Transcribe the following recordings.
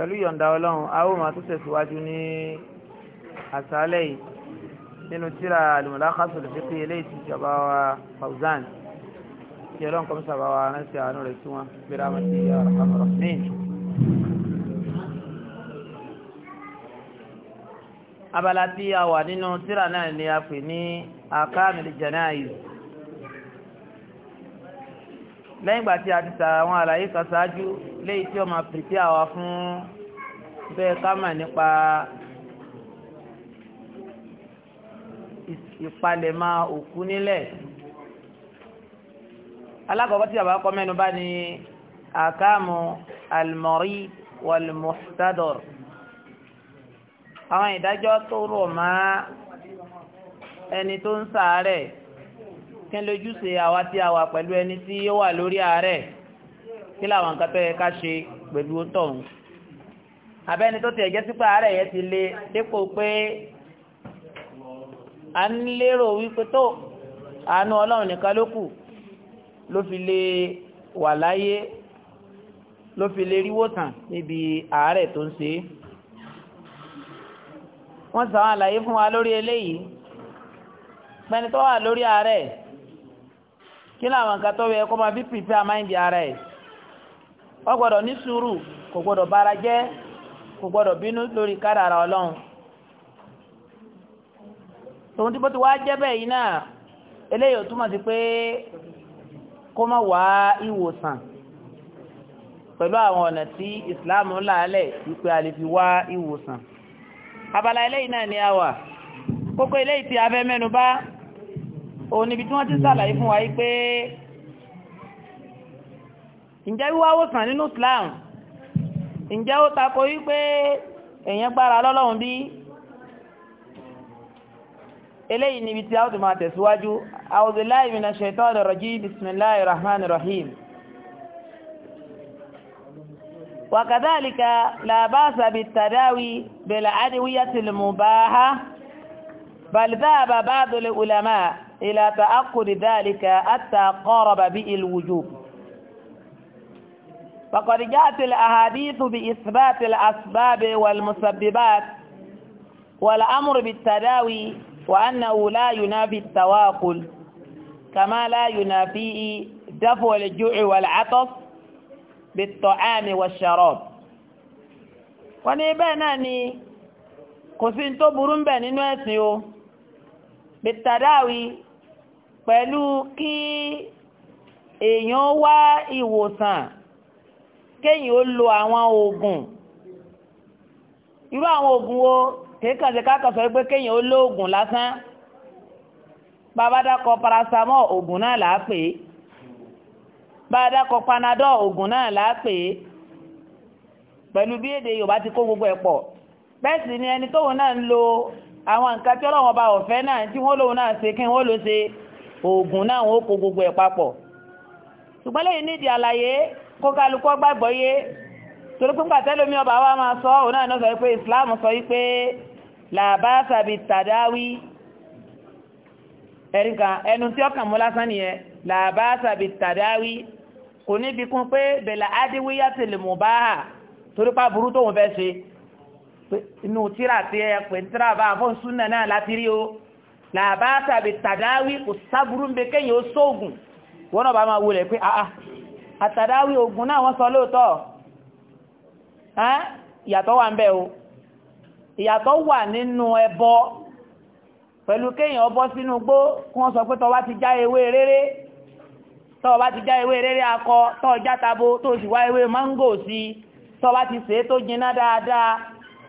pẹ̀lú yọ̀ǹda ọlọ́run a ó máa tún tẹ̀síwájú ní àṣálẹ́ yìí nínú tíra al-Mulakhasul Fiqhi eléyìí ti ṣọba wa Fawzan tí ọlọ́run kọ́ sábà wa rántí àánú rẹ̀ tí wọ́n gbéra wọn sí ọ̀rọ̀ ní. abala tí a wà nínú tíra náà ni a pè ní akamil janayiz lẹ́yìn ìgbà tí a ti ta àwọn àlàyé kan ṣáájú léyìí tí ó máa pèsè àwa fún bẹ́ẹ̀ ká mà nípa ìpalẹ̀mọ́ òkú nílẹ̀ alákọ̀ọ́kọ́ tí bàbá kọ́ mẹ́nu bá ní àkàmù àlùmọ́rí wàlùmọ́sítádọ̀r àwọn ìdájọ́ tó rọ̀ mọ́ ẹni tó ń ṣàárẹ̀ kí lójúṣe àwa tí a wà pẹ̀lú ẹni tí ó wà lórí àárẹ̀ kí láwọn nǹkan tó yẹ ká ṣe pẹ̀lú tọ̀hún abẹ́ni tó ti ẹ̀jẹ́ sípò àárẹ̀ yẹn ti le dépò pé a ń lérò wípé tó àánú ọlọ́run nìkan ló kù ló fi lè wà láyé ló fi lè rí wòsàn níbi àárẹ̀ tó ń ṣe wọ́n sàwọn àlàyé fún wa lórí eléyìí pẹ́ni tó wà lórí àárẹ̀ kí làwọn nǹkan tó yẹ kó máa fi pìpẹ́ àmáìndì àárẹ̀ ó gbọ́dọ̀ ní sùúrù kò gbọ́dọ̀ bára jẹ́ kò gbọ́dọ̀ bínú lórí kádàrà ọlọ́run tòun tí bó ti wá jẹ́ bẹ́ẹ̀ yìí náà eléyìí ò túmọ̀ sí pé kó má wá ìwòsàn pẹ̀lú àwọn ọ̀nà tí ìsìláàmù ń làálẹ̀ wípé a wá ìwòsàn abala eléyìí náà ni a wà kókó eléyìí tí a fẹ́ mẹ́nu bà òun níbi tí wọ́n ti sàlàyé fún wa yìí pé ǹjẹ́ wíwá wòsàn nínú Islam ǹjẹ́ ó tako wípé èèyàn gbára lọ́lọ́run bí eléyìí níbi tí a ó ti máa tẹ̀síwájú auzubillahi minash shaitanir rajim bismillahir rahmanir rahim wa kadhalika la ba'sa bit-tadawi bil-adwiyatil فقد جاءت الأحاديث بإثبات الأسباب والمسببات والأمر بالتداوي وأنه لا ينافي التواقل، كما لا ينافي دفع الجوع والعطش بالطعام والشراب ونبقى ناني كسين تبرون بني نواتيو بالتداوي pẹ̀lú kí èèyàn wá ìwòsàn kéyìn ó lo àwọn oògùn irú àwọn oògùn wo kéékànṣe kákan sọ pé kéyìn ó lo oògùn lásán bàbá dákọ paracetamol oògùn náà là á pè é bàbá dákọ oògùn náà là á pè é pẹ̀lú bí èdè Yorùbá ti kó gbogbo ẹ̀ pọ̀ bẹ́ẹ̀ ni ẹni tóun náà ń lo àwọn nǹkan tí ọlọ́wọ́n bá ọ̀fẹ́ náà tí wọ́n lòun náà ṣe kí wọ́n lò ṣe oògùn náà wọ́n kó gbogbo ẹ̀ papọ̀ ṣùgbọ́n lẹ́yìn nídìí àlàyé kó kálukọ́ gbàgbọ́ yé torípé pàtẹ́lómi ọba wa máa sọ òun náà sọ wípé Islam sọ wípé làbáṣà bí tàdáwí ẹ̀ríkà ẹnu tí ọkàn mú lásán nìyẹn làbáṣà bí tàdáwí kò níbi kún pé bẹ̀là ádíwíyá ti lè mú báhà torípá burú tóun fẹ́ ṣe inú tíra tí ẹ pè ń tíra bá fún súnà náà láti rí o làbáṣà bí tàdáwí kò sábúrú ń bẹ kéèyàn ó sóògùn wọn náà bá máa wọlé pé ah, ah àtàdáwì oògùn náà wọ́n sọ lóòótọ́ ìyàtọ̀ wà ń bẹ̀ o ìyàtọ̀ wà nínú ẹbọ pẹ̀lú kéèyàn ọbọ́ sínú gbó kí wọ́n pé tọ́ ti já ewé rere tọ́ bá ti já ewé rere akọ tọ́ já tabo tó sì wá ewé mángò sí tọ́ bá ti sèé tó jiná dáadáa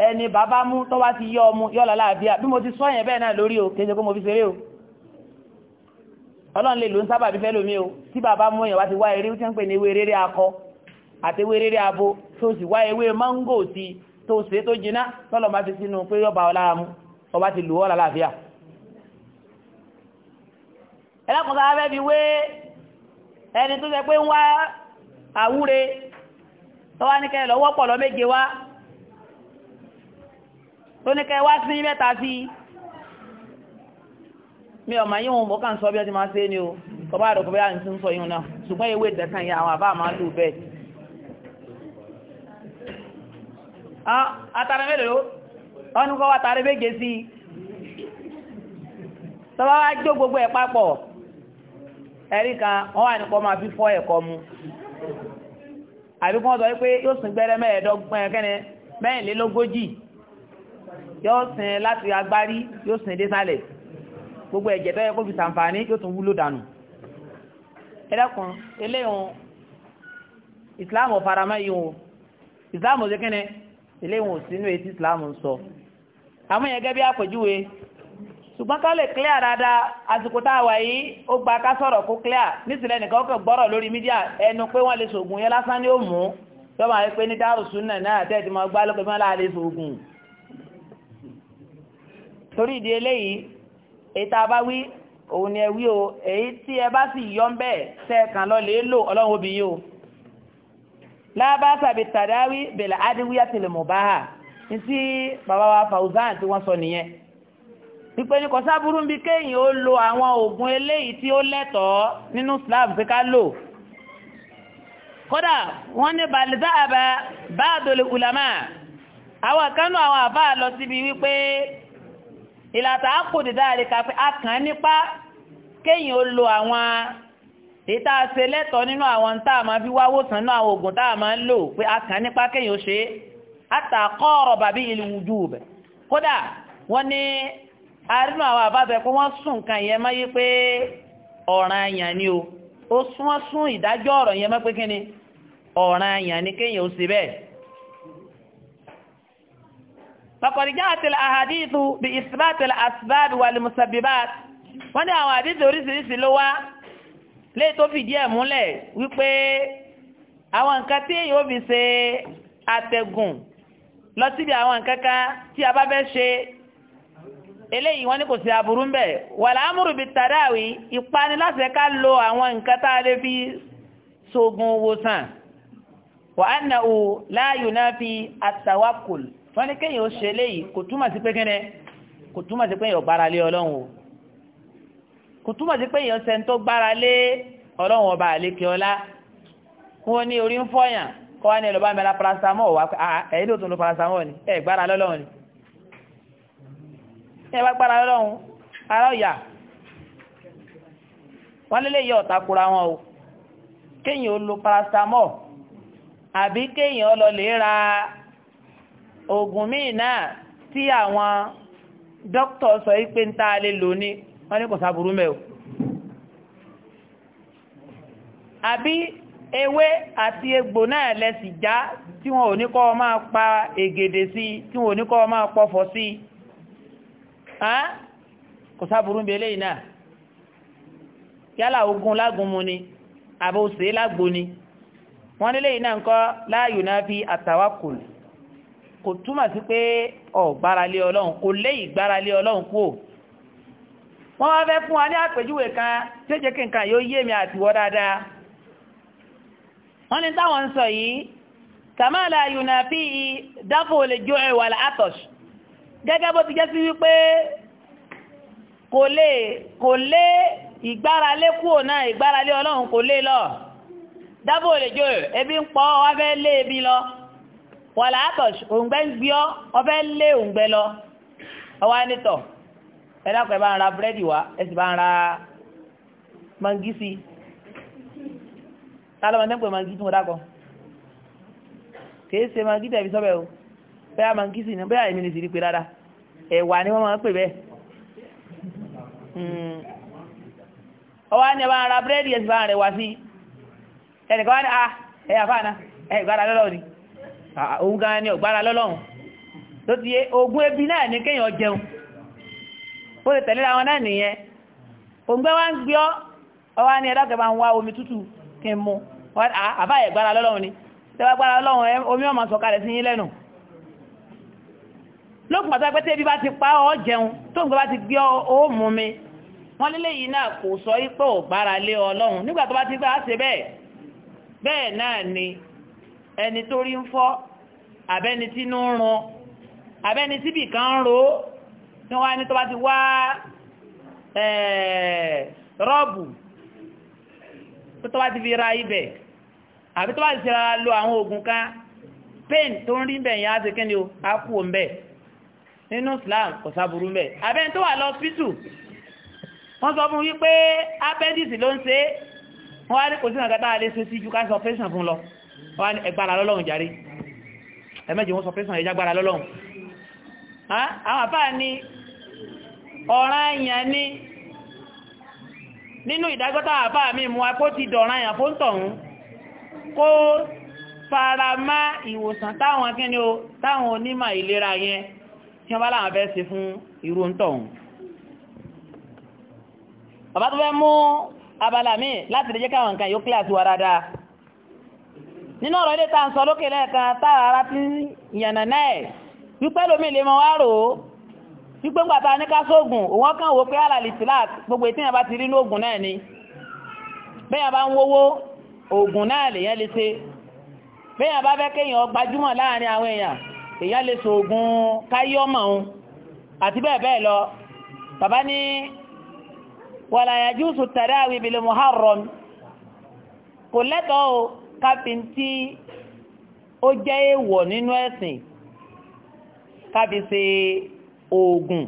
ẹni bàbá mú tọ́ bá ti yọ ọmú yọ́ àbíyà bí mo ti sọ bẹ́ẹ̀ náà lórí o kéèyàn pé mo fi ṣeré o ọlọ́run lè ló ń sábà bí fẹ́ lómi o tí bàbá mú èèyàn wá ti wá eré tí ń pè ní ewé rere akọ àti ewé rere abo tó sì wá ewé máńgò sí tó ṣe tó jiná tọ́lọ̀ bá fi sínú pé ọba ọlára mu ọba ti lù ọ́ lálàáfíà ẹlẹ́kùnrin sábà fẹ́ fi wé ẹni tó sẹ pé ń wá àwúre tó wá ní kẹ́ lọ́wọ́ pọ̀ lọ méje wá tó ní kẹ́ wá sí mẹ́ta sí i mi ọmọ yíò mọ́ kàn sọ bí ọ ti máa ṣe ni o bọ́bá àdọ̀kọ̀ bẹ́yà tí ń sọ yíò náà ṣùgbọ́n ewé ìdẹ̀kan ya àwọn àbá máa lù bẹ́ẹ̀ àtàrà mélòó ọdún kọ́ tàrí méje sí tọ́bá wá jó gbogbo ẹ̀ papọ̀ ẹ̀rí kan wọ́n wà nípa máa fi fọ́ ẹ̀kọ́ mu àbí sọ pé yóò sìn gbẹ́rẹ́ mẹ́ẹ̀ẹ́dọ́gbọ̀n gbogbo ẹ̀jẹ̀ tó yẹ kó fi sàǹfààní yóò tún wúlò dànù ẹlẹ́kùn eléyìí ìsìláàmù faramá yìí wọn ìsìláàmù ṣe kíni eléyìí wọn sínú etí ìsìláàmù sọ àmú yẹn gẹ́gẹ́ bí àpèjúwe ṣùgbọ́n ká lè clear dáadáa àsìkò tá a wà yìí ó gba ká sọ̀rọ̀ kó clear nísìlẹ̀ nìkan ó kàn gbọ́rọ̀ lórí mídíà ẹnu pé wọ́n lè ṣògùn yẹn lásán ni ó mú tọ́ba yìí pé ní dárùsùn náà náà tẹ́ẹ̀tì máa gbá lókè mọ́ láàrin ṣògùn torí ìdí eléyìí ètà bá wí òun ni ẹ o èyí tí ẹ bá sì yọ ń bẹ́ẹ̀ tẹ́ kàn lọ lè lò ọlọ́run obì yìí o lábáṣà bí tàdáwí bẹ̀lẹ̀ adéwíyá tìlẹ̀ mọ̀báhà ní tí bàbá wa Fauzan tí wọ́n sọ nìyẹn wípé ní kọ̀sáburú ń bi kéèyàn ó lo àwọn oògùn eléyìí tí ó lẹ́tọ̀ọ́ nínú Islam pé ká lò kódà wọ́n ní bàlìdá àbá bá àdòlè ulama àwọn kanú àwọn àbá lọ síbi wípé ìlàtà àkòdìdá rẹ̀ kápẹ́ akàn nípa kéyìn ó lo àwọn ìta ṣe lẹ́tọ̀ nínú àwọn tá a máa fi wáwó tán nínú àwọn oògùn tá a máa ń lò pé akàn nípa kéyìn ó ṣe é àtàkọ́ọ̀rọ̀ bàbí ìlú wùjú bẹ̀ kódà wọ́n ní arínú àwọn àbábẹ̀ pé wọ́n sùn nǹkan yẹn mọ́ yí pé ọ̀ràn àyàn ni o ó sún wọ́n ìdájọ́ ọ̀rọ̀ yẹn mọ́ pé kíni ọ̀ràn àyàn ni kéyìn ó ṣe bẹ́ẹ̀ فقد جاءت الأحاديث بإثبات الأسباب والمسببات wọ́n ní àwọn àdíṣe oríṣiríṣi ló wá lè tó fìdí ẹ̀ múlẹ̀ wípé àwọn nǹkan tí èyí ó fi ṣe àtẹ̀gùn lọ síbi àwọn nǹkan kan tí a bá fẹ́ ṣe eléyìí wọ́n ní kò sí aburú ńbẹ̀ wàlá amúrù bíi tàdáwì ìpani ká lo àwọn nǹkan tá a lè fi ṣoògùn wòsàn wàhánà ò láàyò náà fi àtàwákùlù wọ́n ní kéèyàn ó ṣe eléyìí kò túmọ̀ sí pé kẹ́nẹ́ kò túmọ̀ sí pé èèyàn gbára lé ọlọ́run o kò túmọ̀ sí pé èèyàn sẹ́ni tó gbára lé ọlọ́run ọba àlékè ọlá wọ́n ní orí ń fọyàn kọ́ wá ní ẹ lọ bá mi ra ẹ̀yìn ló tún lo paracetamol ni ẹ̀ gbára lọ́lọ́run ni ẹ̀ bá gbára lọ́lọ́run ara ọ̀yà wọ́n lélẹ̀ yọ ọ̀takura wọn o kéèyàn ó lo paracetamol àbí kéèyàn ó lọ lè ra oògùn míì náà tí àwọn dókítà sọ pé ń tá a lè wọ́n ní kò sáburú mẹ́ o àbí ewé àti egbò náà lẹ́sì já tí wọn ò ní kọ́ ọ máa pa ègèdè sí tí wọn ò ní kọ́ ọ máa pọ̀fọ̀ sí kò sáburú bí eléyìí náà yálà ogun lágun mu ni àbòsè lágbo ni wọ́n nílé yìí náà ń kọ́ láàyò náà fi àtàwákùlù kò túmọ̀ sí pé ọ̀ gbáralé ọlọ́run kò lé ìgbáralé ọlọ́run kú ò wọ́n wá fẹ́ fún wa ní àpèjúwe kan tí ó jẹ́ kí nǹkan yóò yé mi àtiwọ́ dáadáa wọ́n ní táwọn ń sọ yìí kàmáàlà yunafi dáfò lè jó ẹwà látọ̀ṣ gẹ́gẹ́ bó ti jẹ́ sí wípé kò lè kò lé ìgbáralé kú ò náà ìgbáralé ọlọ́run kò lé lọ dáfò lè jó ebi ń pọ̀ wá fẹ́ lé ebi lọ wọ́n là á tọ̀ òǹgbẹ́ ń gbé ọ́ wọ́n fẹ́ lé òǹgbẹ́ lọ ọwọ́ á ní tọ̀ ẹ bá ń ra búrẹ́dì wá ẹ bá ń ra mangi sí i tá ló ń tẹ́pẹ́ mangi tí mo dákọ̀ kìí ṣe mangi tẹ̀bi sọ́bẹ̀ o bẹ́ẹ̀ mangi sí ni bẹ́ẹ̀ èmi lè sì rí pé dáadáa ẹ̀wà ni wọ́n máa ń pè bẹ́ẹ̀ hmm. ọwọ́ á ní ẹ bá ń ra búrẹ́dì ẹ bá ń rẹwà sí i ẹnìkan ah ẹ̀yà fáànà ẹ̀ ìgbàdá lọ́lọ́ òun gan ni ọ̀gbára lọ́lọ́run tó ti yé ogun ebi náà ní kéèyàn jẹun ó lè tẹ̀lé àwọn náà nìyẹn òǹgbẹ́ wá ń gbé ọ́ ọwá ní ẹ̀dá kẹfà ń wá omi tútù kí n mú àbáyẹ̀ gbára lọ́lọ́run ni tẹ́wà gbára lọ́lọ́run omi ọmọ sọ̀kalẹ̀ sí yín lẹ́nu lókùn pàtàkì pé tẹ́bí bá ti pa ọ́ jẹun tó ń gbé bá ti gbé ó mú mi wọ́n lílé yìí náà kò sọ ipò gbára lé ọlọ́run nígbà tó bá ti ni ẹni tó rí ń fọ́ àbẹ́ni tí inú ń run àbẹ́ni tí bì kan ń ro tí wọ́n á ní tó bá ti wá rọ́ọ̀bù tó bá ti fi ra ibẹ̀ àbí tó bá ti ra lo àwọn oògùn kan pain tó ń rí bẹ̀ yẹn ti kí ni o á kú o ń bẹ̀ nínú Islam kò sáburú ń bẹ̀ àbẹ́ni tó wà lọ hospital wọ́n sọ fún wípé appendix ló ń ṣe wọ́n á ní kò sí nǹkan tá a lè ṣe sí ju ká sọ fẹ́sàn fún lọ wọ́n ẹgbàra lọ́lọ́run jàre ẹmẹ́jì wọ́n sọ pé sàn ẹjágbára lọ́lọ́run àwọn àpá ni ọ̀ranyàn ni nínú ìdágọ́ta àpá mi mú apó ti dọ̀ranyàn fún tọ̀hún kó fara má ìwòsàn táwọn kíni o táwọn onímọ̀ ìlera yẹn tí wọ́n bá láwọn fẹ́ ṣe fún irú ń tọ̀hún bàbá tó fẹ́ mú abala mi láti lè jẹ́ káwọn nǹkan yóò kíláàsì wa dáadáa nínú ọ̀rọ̀ ilé tàà ń sọ lókè lẹ́ẹ̀kan táà ara ti ń yànnà náà wípé lómi lè mọ wá rò ó wípé ńgbàtà ní kásóògùn òun kàn wò pé àlàlì tìláàk gbogbo ètí yàn bá ti rí ní oògùn náà ni bẹ́yàn bá ń wówó oògùn náà lèyàn lè ṣe bẹ́yàn bá fẹ́ kéèyàn gbajúmọ̀ láàrin àwọn èèyàn èèyàn lè ṣoògùn káyọ́mọ̀ òun àti bẹ́ẹ̀ bẹ́ẹ̀ lọ bàbá ní wàlàyàjúùsù tàdáwì bil muharram kò lẹ́tọ̀ọ́ kábí tí ó jẹ́ èèwọ̀ nínú ẹ̀sìn kábí ṣe oògùn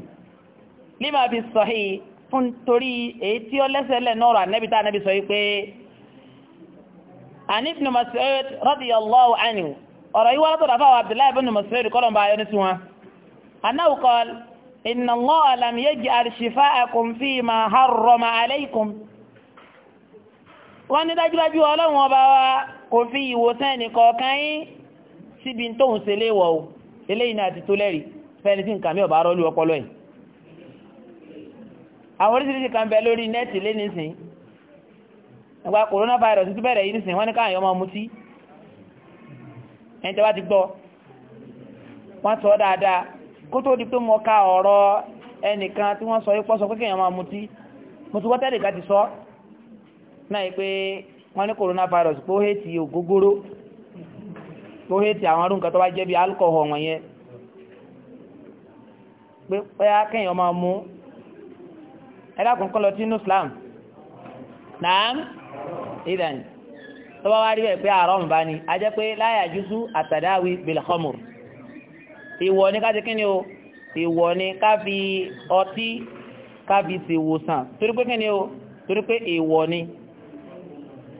lima fi sọ yìí fún torí èyí tí ó lẹ́sẹ̀lẹ̀ náà rà nẹ́bi tá nẹ́bi sọ yìí pé àní ibn Mas'ud radiyallahu anhu ọ̀rọ̀ yìí wọ́n tọ́ra fáwọn Abdullahi ibn Mas'ud kọ́lọ̀mbà ayọ́ni sí wọn anáwó kọ́l inna Allah lam yaj'al shifa'akum fima harrama alaykum wọ́n ní dájúdájú ọlọ́run ọba wa kò fi ìwòsàn ẹnìkọ̀ọ̀kan yín síbi tóun ṣe léwọ̀ o eléyìí náà ti tó lẹ́rì fẹ́ni tí nǹkan mi ò bá rọ́ọ̀lù ọpọlọ yìí àwọn oríṣiríṣi kan bẹ lórí nẹ́ẹ̀tì lé nísìn nípa coronavirus tó bẹ̀rẹ̀ yìí nísìn wọ́n ní káàyàn máa mutí ẹni tẹ́ bá ti gbọ́ wọ́n sọ dáadáa kó tó di pé mo ka ọ̀rọ̀ ẹnìkan tí wọ́n sọ ipò sọ pé kéèyàn máa mutí mo ti wọ́tẹ́lì ká ti sọ náà pé wọ́n ní coronavirus pé ó hẹ́tì ògógóró ó hẹ́tì àwọn arúnkà tó bá jẹ́ bí alcohol wọ̀n yẹn pé pẹ́yà kẹ́yàn máa mú ẹlákùn kọ́ lọ tí inú Islam náà ìdàn tó bá wá rí ẹ̀ pé àárọ̀ bá ní a jẹ́ pé láyà jùsù àtàdáwì bilhamur ìwọ̀ ní káti kíni o ìwọ̀ ní ká ọtí ká ti wòsàn torí kíni o torí ìwọ̀ ni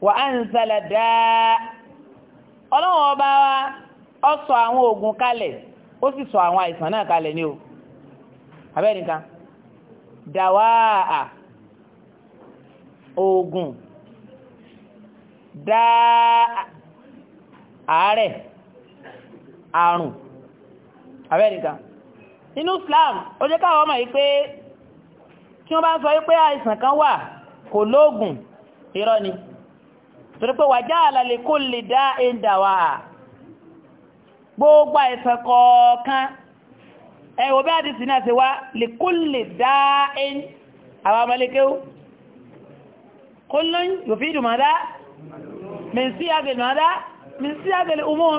wà á ń sálẹ̀ dáa ọlọ́run ọba wa ó sọ àwọn ogun kalẹ̀ ó sì sọ àwọn àìsàn náà kalẹ̀ ní o abẹ́nìkan dàwáà oògùn dáa àárẹ̀ àrùn abẹ́nìkan nínú Islam ó jẹ́ káwọn ọmọ yìí pé tí wọ́n bá sọ wípé àìsàn kan wà kò lóògùn irọ́ ni. torí pé wàjá àlàlẹ̀ kó lè dá ẹ̀ndàwà gbogbo àìsàn kọ̀ọ̀kan ẹ̀wọ̀ bí àdìsí náà ti wá lè kó lè dá ẹ̀n àwọn ọmọlékéwò kó ló ń yòfí ìdùmọ̀dá mẹ́sí àgbẹ̀lùmọ̀dá mẹ́sí àgbẹ̀lẹ̀ umọ́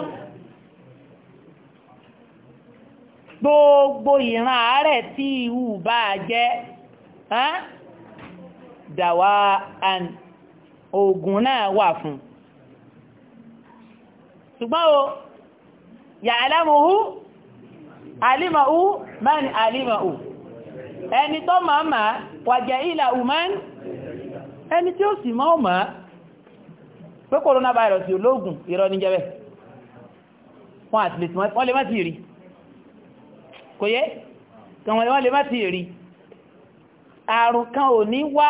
gbogbo ìran ààrẹ tí ìhù bá jẹ́ dàwà and oògùn náà wà fún ṣùgbọ́n o ya'lamuhu alimahu man alimahu ẹni tó máa máa wa jahilahu man ẹni tí ó sì máa máa pé coronavirus yóò lóògùn irọ́ ní jẹ́bẹ̀ wọ́n àti lè tí wọ́n lè má ti rí kò yẹ́ wọ́n lè má ti rí àrùn kan ò ní wá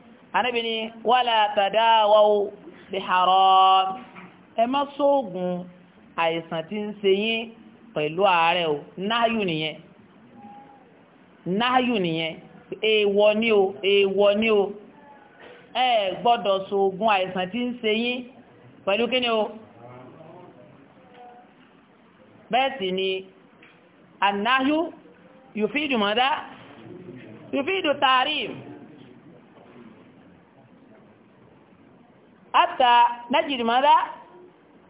anábi ni wala tadawaw bi haram ẹ má sóògùn àìsàn tí ń ṣe yín pẹ̀lú ààrẹ o náàyù nìyẹn náàyù nìyẹn èèwọ̀ ni o èèwọ̀ ni o ẹ gbọ́dọ̀ sóògùn àìsàn tí ń ṣe yín pẹ̀lú kí ni o bẹ́ẹ̀ sì ni anáyú yòfídù mọ́dá yòfídù tààrí حتى نجد ماذا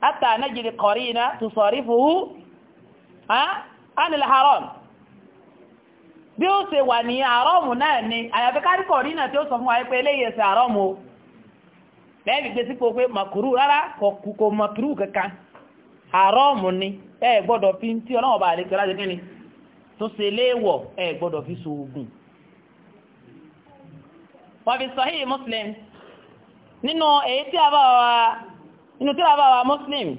حتى نجد قرينة تصارفه عن الحرام bí ó ṣe wà ní àrọ́mù náà ni àyàfi kárí kọ̀rínà tí ó sọ fún wa pé eléyìí ẹsẹ̀ àrọ́mù lẹ́ẹ̀bí gbé sípò pé màkúrú rárá kò màkúrú kankan àrọ́mù ni ẹ gbọ́dọ̀ fi tí ni fi so Muslim nínú èyí tí a bá wa nínú tí a bá wa muslim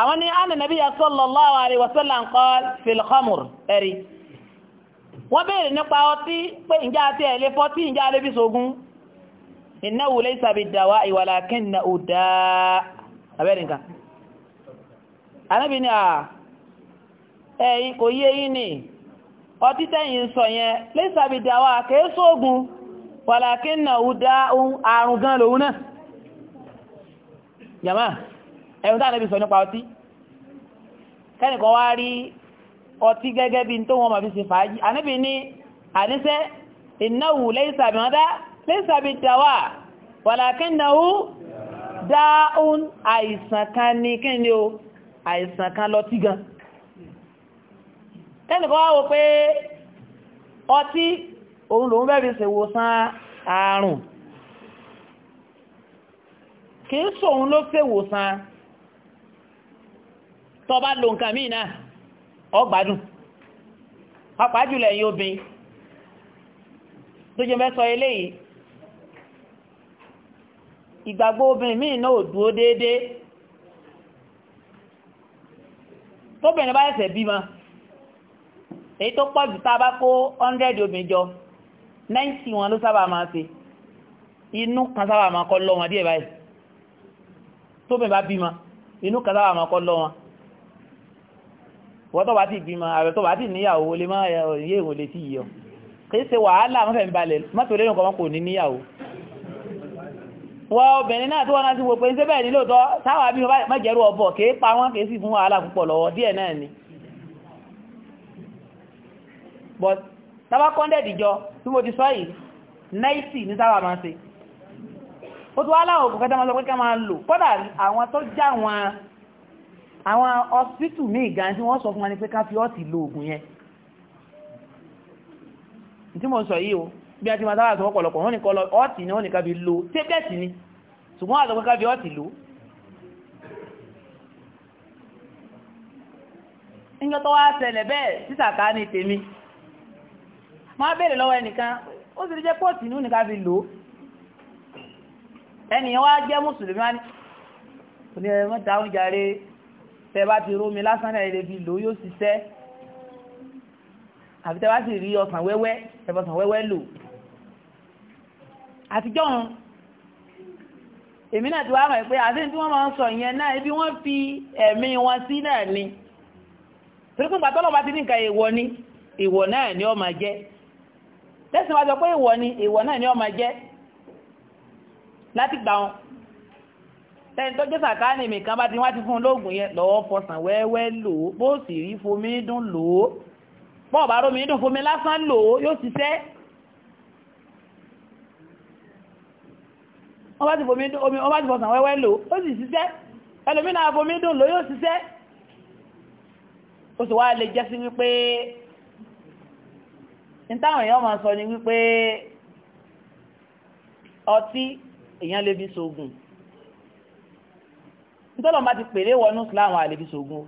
àwọn ní ànà nàbí ya sallallahu alaihi wasallam qala fil khamr ẹ̀rí wọ́n béèrè nípa ọtí pé ìjá àti ẹ̀lẹ́ fọ́tí ìjá alébí sógún innahu laysa bid-dawa'i walakinnahu daa abẹ́rẹ̀ nǹkan anábì à ẹ̀yìn kò yé yín ni ọtí tẹ́yìn sọ yẹn laysa bid-dawa'i kèé sógún wàlàkínà ó dá àrùn gan lòun náà yàmá ẹ̀rùn tàà níbi sọ nípa ọtí kẹ́nìkan wá rí ọtí gẹ́gẹ́ bí tó wọ́n ma fi ṣe fàájì àníbi ní àníṣẹ́ ìnáwó lẹ́yìnsàbí wọ́n dá lẹ́yìnsàbí dáwà wàlàkínà ó dá àìsàn kan ní kí òun lòun bẹ́ẹ̀ ise wosan àrùn kìí sóun ló ṣèwòsàn tó bá lo nǹkan ọ náà ọgbádùn pàápàá jùlọ ẹ̀yin obin tó jẹ mẹ́sọ eléyìí ìgbàgbó obin míì náà ò dúó déédéé tóbìnrin bá ẹ̀sẹ̀ bímọ èyí tó pọ̀ jù tá a bá kó 100 jọ náìtì wọn ló sábà máa ṣe inú kan sábà máa kọ́ lọ wọn díẹ̀ báyìí tó bẹ̀ bá bímọ inú kan sábà máa kọ́ lọ wọn wọ́n tó bá ti bímọ ààrẹ tó bá ti níyàwó lè má yé ìwò lè sí yìí ọ kìí ṣe wàhálà mọ́fẹ̀ ń balẹ̀ mọ́tò lẹ́nu kan kò ní níyàwó wọ́n obìnrin náà tó wọ́n láti wo pé ń sẹ́bẹ̀ nílò tọ́ sáwà bí mọ́jẹ̀rú ọbọ̀ kìí pa wọ́n kìí sì fún wàhálà púpọ̀ lọ́wọ́ díẹ̀ náà ni tàbá kọ́ndẹ̀dì jọ tí mo ti sọ yìí náìtì ní sábà máa ṣe ó tó wá láwọn òkú kẹta máa sọ pé ká máa lò kọ́dà àwọn tó já àwọn ọsítù ní ìgbà tí wọ́n sọ fún wa ní pé ká fi ọ́ọ̀tì lo ògùn yẹn tí mo sọ yìí o bí a ti máa sábà sọ ọ̀pọ̀lọpọ̀ wọ́n ní kọ́ lọ ọ́ọ̀tì ni wọ́n ní ká ni ṣùgbọ́n àtọ́ pé ká fi ọ́ọ̀tì lo níjọ́ tó wá ṣẹlẹ̀ bẹ́ẹ̀ sísàká máa bèèrè lọ́wọ́ ẹnìkan ó sì lè jẹ́ pọ́ọ̀tì inú nìkan fi lò ẹnìyàn wá jẹ́ mùsùlùmí wá ní òní ẹ̀mọ́ta oúnjẹ rẹ̀ tẹ́ bá ti rómi lásán náà lè fi lò yóò ṣiṣẹ́ àbí tẹ́ bá sì rí ọsàn wẹ́wẹ́ ẹ̀fọ̀sàn wẹ́wẹ́ lò àtijọ́ òun èmi náà ti wá mọ̀ pé àti tí wọ́n máa ń sọ ìyẹn náà ibi wọ́n fi ẹ̀mí wọn sí náà ni torí pé pàtọ́lọ́ bá ti ní nǹkan ìwọ ni ìwọ náà ni ó máa jẹ́ tẹ́sìn wájọ pé ìwọ̀ ni ìwọ̀ náà ni ọmọ jẹ́ láti gbà wọn tẹ́yìn tó jẹ́ sàkáàní mi kan bá ti wá ti fún olóògùn yẹn lọ́wọ́ fọsàn wẹ́wẹ́ lò ó bó sì rí fomi dùn lò ó bọ́ọ̀ bá rómi dùn fomi lásán lò ó yóò ṣiṣẹ́ wọ́n bá ti fomi dùn omi wọ́n bá ti fọsàn wẹ́wẹ́ lò ó sì ṣiṣẹ́ ẹlòmínà fomi dùn lò ó yóò ṣiṣẹ́ ó sì wá lè jẹ́ sí wípé ní táwọn èèyàn máa sọ ni wípé ọtí èèyàn lè fi ṣògùn nítọ́lọ̀ bá ti pèlé wọ inú Islam àlè fi ṣògùn o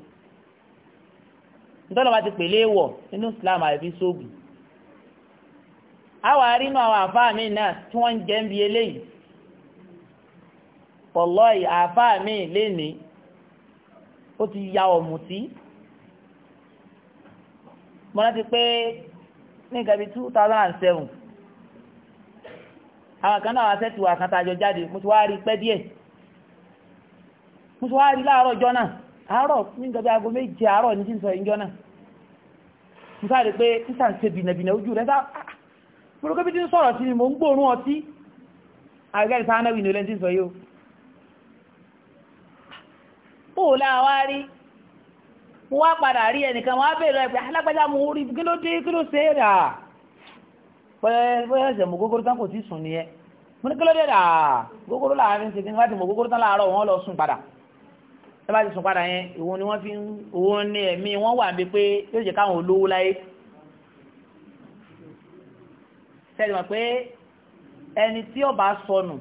nítọ́lọ̀ bá ti pèlé wọ inú Islam àlè fi ṣògùn àwọn arínú àwọn àfáà mi náà tí wọ́n ń jẹ́ ń bi eléyìí pọ̀lọ́ àfáà mi lénìí ó ti ya ọ̀mùtí mo rántí pé ní nǹkan bí 2007 àwọn kan náà sẹ́tù àkàntàjọ jáde mo ti wá rí pẹ́ díẹ̀ mo ti wá rí láàárọ̀ ọjọ́ náà àárọ̀ ní nǹkan bí aago méje àárọ̀ ní tí ń sọ ìjọ náà mo sáré pé títà ń ṣe bìnàbìnà ojú rẹ̀ sá ah, ah, mo rúkọ́ bí tí ń sọ̀rọ̀ sí ni mo ń gbóòórùn ọtí àgbẹ̀rẹ̀ sáà náà wì ní olẹ́ mo wá padà rí ẹnìkan wọ́n á bèèrè ẹ̀pẹ́ alágbájá ah, mo rí kí ló dé kí ló ṣe é rà bóyá ẹsẹ̀ mo gógóró tán kò tí sùn nìyẹn mo ní kí ló dé rà gógóró láàrin ṣe kí wọ́n ti mo gógóró tán láàárọ̀ wọ́n lọ sùn padà ẹ bá ti sùn padà yẹn ìwọ ni wọ́n fi ń owó ní ẹ̀mí wọ́n wà bí pé yóò jẹ́ káwọn olówó láyé sẹ́ni mọ̀ pé ẹni tí ó bá sọnù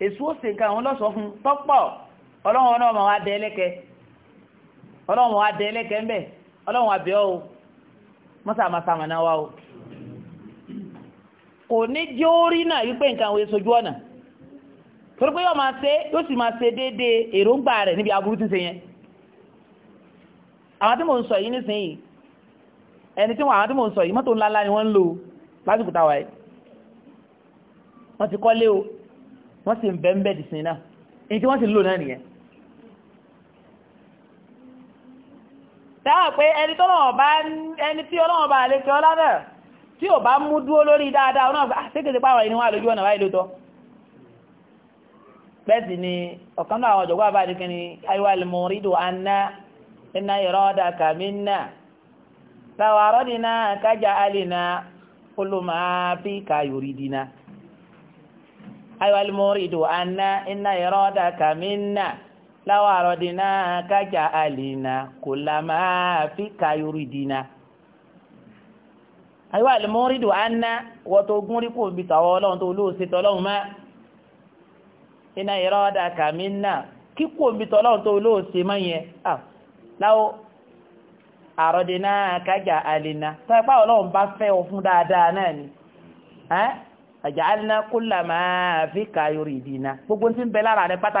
èso òsè nǹkan àwọn lọ́sọ̀ fún tọ́pọ̀ ọlọ́run náà máa wá dẹ́ lẹ́kẹ̀ẹ́ ọlọ́run wa dẹ ẹlẹ́kẹ́ ń bẹ̀ ọlọ́run wa bẹ̀ ọ́ o mọ́sàmásàmà náà o kò ní jẹ́ orí náà wípé nǹkan àwọn èso ọ̀nà torí pé yóò máa ṣe yóò sì máa ṣe déédé èròǹgbà rẹ̀ níbi aburú ti ṣe yẹn àwọn tí mò ń sọ yìí nísìnyí ẹni tí àwọn tí mò ń sọ ni wọ́n ń lò lásìkò táwa yìí o wọ́n sì ń náà èyí tí dáhùn pé ẹni tó náà bá ẹni tí ọlọ́wọ̀n bá lè fi ọlá náà tí ò bá mú dúró lórí dáadáa ọ̀nà àṣíkèsí pàwọn ìníwà lójú ọ̀nà wáyé lótọ́ bẹ́ẹ̀sì ni ọ̀kan náà àwọn ọ̀jọ̀gbọ́n àbáyé kí ni ayíwá mọ̀rídò anna iná ìrọ́dà kàmínà tàwárọ́dìnà kájà alìnà olùmọ̀áfíkà yorìdìnà ayíwá mọ̀rídò anna iná ìrọ́dà kàmínà láwàárọ̀ dínà kájà àlìnà kò là máa fi kàyórí dínà. àyíwá àlùmọ́rídù àná wọ́n tó gún rí kò bí tàwọn ọlọ́run tó olóòṣè tọ́lọ́run má iná ìrọ́dà kàmí náà kíkò bí tọ́lọ́run tó olóòṣè má yẹn láwọ́ àrọ̀dẹ̀ náà kájà àlìna tó ẹpá ọlọ́run bá fẹ́ ọ fún dáadáa náà ni àjà àlìna kó là fi kàyòrì ìdìna gbogbo tí ń bẹ lára rẹ pátá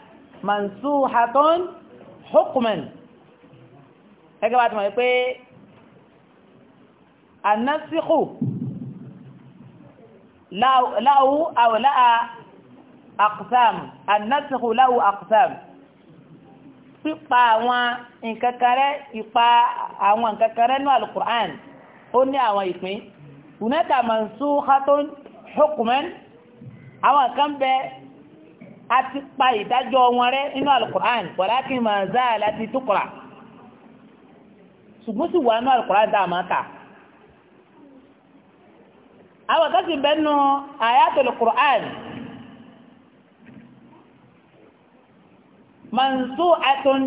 mansuhatun hukman ẹgbẹ́ bá ti mọ̀ pé anásíkù láwú àwòláà àkùsàm anásíkù láwú àkùsàm pípa àwọn nkankanrẹ́ ipa àwọn nkankanrẹ́ ní alukur'an ó ní àwọn ìpín hunaka mansuhatun hukman àwọn kan bẹ́ẹ̀ a ti pa ìdájọ́ wọn rẹ nínú alukur'an walakin ma zalat tuqra ṣùgbọ́n sì wà nínú alukur'an dáa máa kà àwọn kan sì bẹ́ẹ̀ nù ayatul Qur'an mansu'atun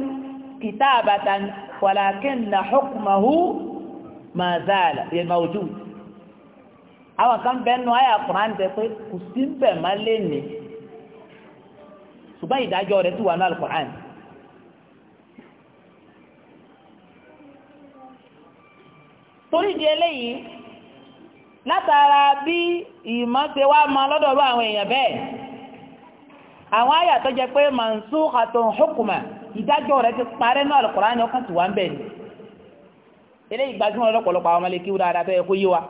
kitabatan walakinna hukmuhu ma zala mawjud àwọn kan bẹ́ẹ̀ nù ayatul Qur'an tẹ pé kò sí bẹ́ẹ̀ má lé nìí ṣùgbọ́n ìdájọ́ rẹ̀ sì wà ní alukur'an torí di eléyìí látara bí ìmọ̀ ṣe wá ma lọ́dọ̀ọ́rú àwọn èèyàn bẹ́ẹ̀ àwọn àyà tó jẹ pé mansukhatun hukma ìdájọ́ rẹ̀ ti parẹ́ ní alukur'an ọkàn sì wà ń bẹ̀ ni eléyìí gbajúmọ̀ lọ́pọ̀lọpọ̀ àwọn ọmọ wúdára bẹ́ẹ̀ kó yé wa.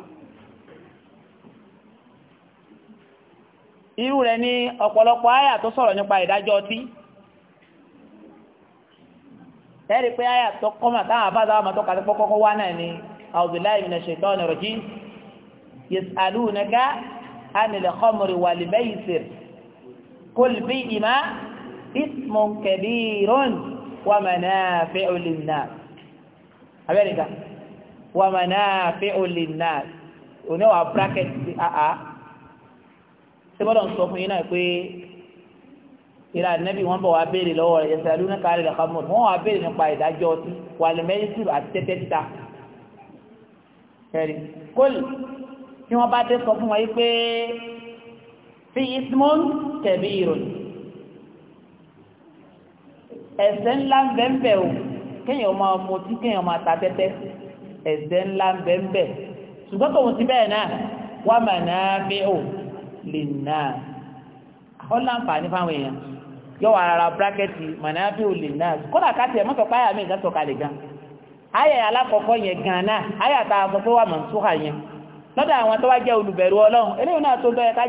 irú rẹ̀ ní ọ̀pọ̀lọpọ̀ àyà tó sọ̀rọ̀ nípa ìdájọ́ ọtí ẹ̀rí pé àyà tó kọ́mà táwọn àbáza àmà tó kàtí pọ́kọ́kọ́ wá náà ni àwùbíláì mi ṣe tọ́ ọ̀nà rọ̀jí yẹ̀sàlúùnẹ́ká ánìlẹ̀ khamri wà lè bẹ́yìí sè sẹ́bọ̀dọ̀ ń sọ fún yín náà pé ìlà wa wọ́n bọ̀ wá béèrè lọ́wọ́ rẹ̀ yẹsẹ̀ alúna kárí rẹ̀ kàmú wọ́n wá béèrè nípa ìdájọ́ ọtí wàlẹ̀ mẹ́rìndì àti tẹ́tẹ́ títa kẹrin kólì tí wọ́n bá dé sọ fún wa yí pé fi ismon tẹ̀bí ìròyìn ẹ̀ṣẹ̀ ńlá ń bẹ ń o kéèyàn máa mutí kéèyàn máa ta tẹ́tẹ́ ẹ̀ṣẹ̀ ńlá ń bẹ ń bẹ ti bẹ́ẹ̀ náà wà náà bí o. linnas ó láǹfààní fáwọn èèyàn yọwọ ara bírákẹ́tì manabiu linnas kódà káàtì ẹ̀ mọ́tò páyà mi ìgbà sọ̀kalẹ̀ gan ayẹ̀ alákọ̀ọ́kọ́ yẹn gan náà ayẹ̀ àtà sọ pé wà mọ̀nsúhà yẹn lọ́dọ̀ àwọn tó wá jẹ́ olùbẹ̀rù ọlọ́run eléyìí náà tó dọ́yẹ ká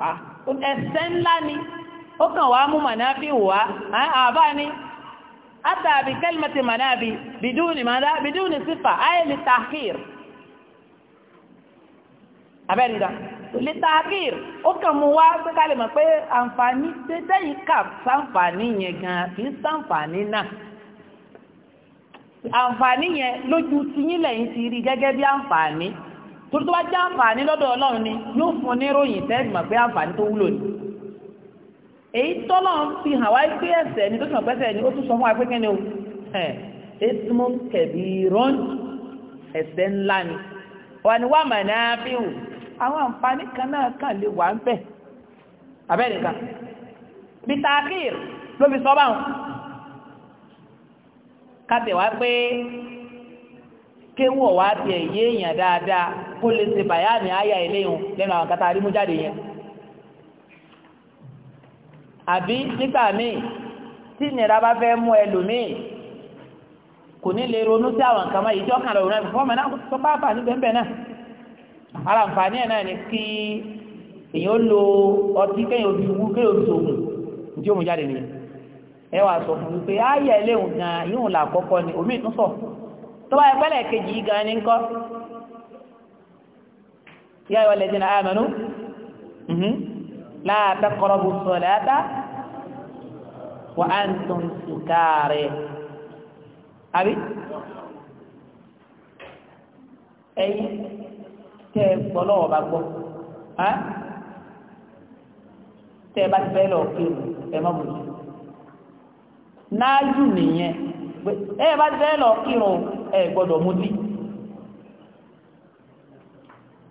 Ah, ẹ̀sẹ̀ ńlá ni ó kàn wá mú mànáfí wá ah, àbá ni átàbí kẹ́lìmọ̀tì mànáfí bìdúnì màná bìdúnì sífà ayé lè tàkìr abẹ́rìndà lè tàkìr ó kàn mú wá pé ká lè mọ̀ pé àǹfààní tẹ́tẹ́ yìí kà sáǹfààní yẹn gan torí tó bá jẹ́ àǹfààní lọ́dọ̀ ọlọ́run ni yóò fún ní ròyìn tẹ́ẹ̀dì pé àǹfààní tó wúlò fi hàn wáyé pé ẹ̀ṣẹ̀ ni tó sàn pẹ́sẹ̀ ni ó tún sọ fún wa pé o ẹ̀sìmọ́ kẹ̀bí rọ́n ẹ̀ṣẹ̀ ńlá ni wà ní wà màá náà fi àwọn àǹfààní kan náà kàn lè wà ń bẹ̀ abẹ́nìkan ló fi sọ kéwọ̀ wá tiẹ̀ yé èèyàn dáadáa kó lè ṣe bàyáàmì àyà eléyìí lẹ́nu àwọn kata arímújáde yẹn àbí nígbà míì tí ìnira bá fẹ́ mú ẹlòmíì kò ní lè ronú sí àwọn nǹkan báyìí tí ọkàn lọ rẹ fọmọ náà tó bá bà ní bẹ́ẹ̀ náà ara nǹfààní ẹ̀ náà ni kí èèyàn lo ọtí kéèyàn fi wú kéèyàn fi sògùn tí ó jáde nìyẹn ẹ wàá sọ fún mi pé ayé ẹlẹ́hùn ni omi ìtúnṣọ̀ tọ́wọ́ ẹgbẹ́lẹ̀ kejì yìí gan ni ń kọ́ yá ìwọlẹ̀ jìnnà àmàlú láàtà kọ́rọ́bù sọ̀láàtà wà á ń tún sùkárẹ̀ àbí ẹ̀yin tẹ́ ẹ gbọ́ gbọ́ tẹ́ bá ti bẹ́ẹ̀ lọ kí ẹ má bùjú nìyẹn ẹ bá ti bẹ́ẹ̀ lọ kírun ẹ gbọ́dọ̀ mutí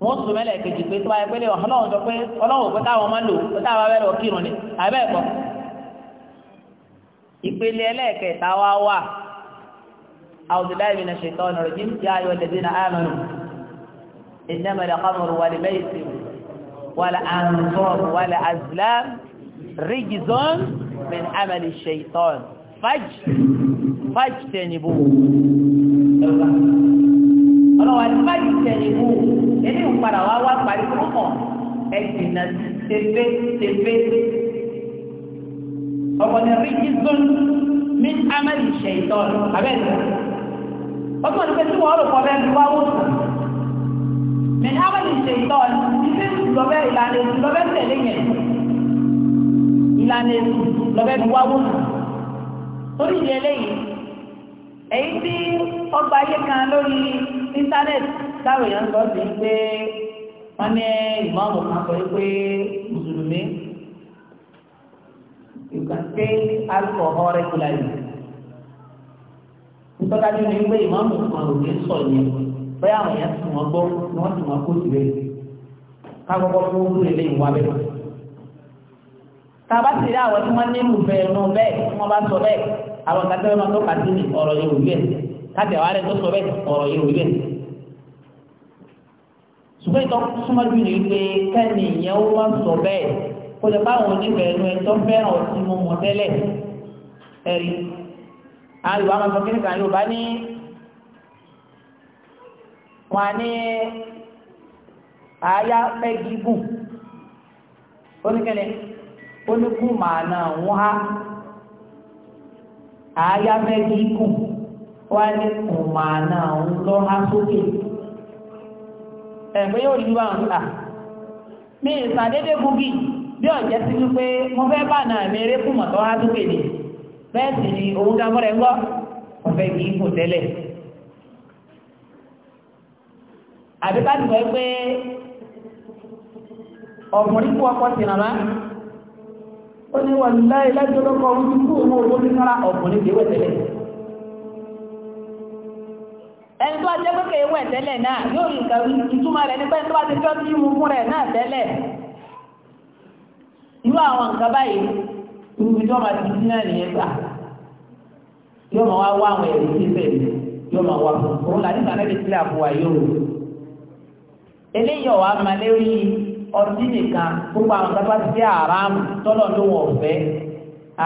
wọ́n sọ mẹ́lẹ̀ kejì pé tó bá yẹ pé lè ọlọ́run sọ pé ọlọ́run pé káwọn máa lò ó táwọn abẹ́ lọ ni àbẹ́ ẹ̀kọ́ ìpele ẹlẹ́ẹ̀kẹta wá wà àwùjọdá ìbìnà ṣètò ọ̀nà rẹ̀ jíǹtì ayọ̀ lẹ́dí na ámànù ìdámẹ́rẹ̀ kọ́mọ̀rù wà lè mẹ́sì wà lè àǹtọ́rù wà lè azlam rígizọ́n min amẹ́lì ṣètò fàjì fàjì tẹ̀nibó ìjọba ọlọ́wà ní báyìí tẹ̀lé wù ẹni ń padà wá wá parí fún mọ̀ ẹ̀sìn náà tẹ̀fẹ́ tẹ̀fẹ́ ọ̀pọ̀ ní rí jíjọ́n ní amẹ́lì ìṣẹ̀ ìtọ́ abẹ́lẹ̀ ọdún ọdún pé tí wọ́n rò pọ̀ bẹ́ẹ̀ ní wáwó sùn ní amẹ́lì ìṣẹ̀ ìtọ́ ilé ìlọ́bẹ̀ ìlànà ìlọ́bẹ̀ tẹ̀lé yẹn ìlànà ìlọ́bẹ̀ ní wáwó sùn torí ìdí eléyìí èyí tí ọgbà ayé kan lórí íńtánẹ́ẹ̀tì táwọn èèyàn sọ sí pé wọ́n ní ìmọ̀ọ́mù kan sọ pé mùsùlùmí you can take alcohol regularly nítorí ní pé ìmọ̀ọ́mù kan ò ní sọ yẹn bẹ́ẹ̀ àwọn èèyàn sì wọ́n gbọ́ ni wọ́n sì wọ́n kó sílẹ̀ kákọ́kọ́ fún ojú ilé ìwà bẹ́ẹ̀ tàbá sì rí àwọn tí wọ́n ní ìmùfẹ́ ẹnu bẹ́ẹ̀ tí wọ́n bá sọ bẹ́ẹ̀ àwọn kàtẹ́wé máa tó kàtí ọ̀rọ̀ Yorùbá káàdì àwọn arẹ tó sọ bẹ́ẹ̀ ọ̀rọ̀ yìí rò bẹ́ẹ̀ ṣùgbọ́n ìtọ́ súnmọ́jú ni pé kẹ́ni ìyẹn ó wá sọ bẹ́ẹ̀ kó lè báwọn oníbẹ̀rẹ̀ ẹnu ẹ̀tọ́ fẹ́ràn ọtí mo mọ̀ tẹ́lẹ̀ ẹ̀rí àwọn Yorùbá máa sọ kí nìkan Yorùbá ní wọn á ní àyà pẹ́gì gùn oníkẹ́lẹ̀ oníkùn màánà wọn á àyà pẹ́gì gùn. wá ní kùmàánà ń lọ há sókè ẹ̀gbẹ́ yóò lúwà ń ta ní ìsàdédé gúgì bí ọ̀jẹ́ sí wípé mo fẹ́ bà náà mẹ́rẹ́ kùmọ̀ tó ha sókè ní ni òun gamọ́rẹ̀ ń gọ́ ọ̀fẹ́ kì í kò tẹ́lẹ̀ ó ní wà ní ẹni tó ajẹ́ pẹ́kẹ́ ewé tẹ́lẹ̀ náà yóò rí nǹkan ìtumọ̀ rẹ̀ nípa ẹni tó bá ti fẹ́ bí mu fún rẹ̀ náà tẹ́lẹ̀ irú àwọn nǹkan báyìí irú máa ti dín náà nìyẹn gbà yóò máa wá wá àwọn ẹ̀rí yóò máa wá wa eléyìí ọ̀wá máa ọtí nìkan gbogbo àwọn nǹkan bá ti dé àrám tọ́lọ̀ ló wọ̀ fẹ́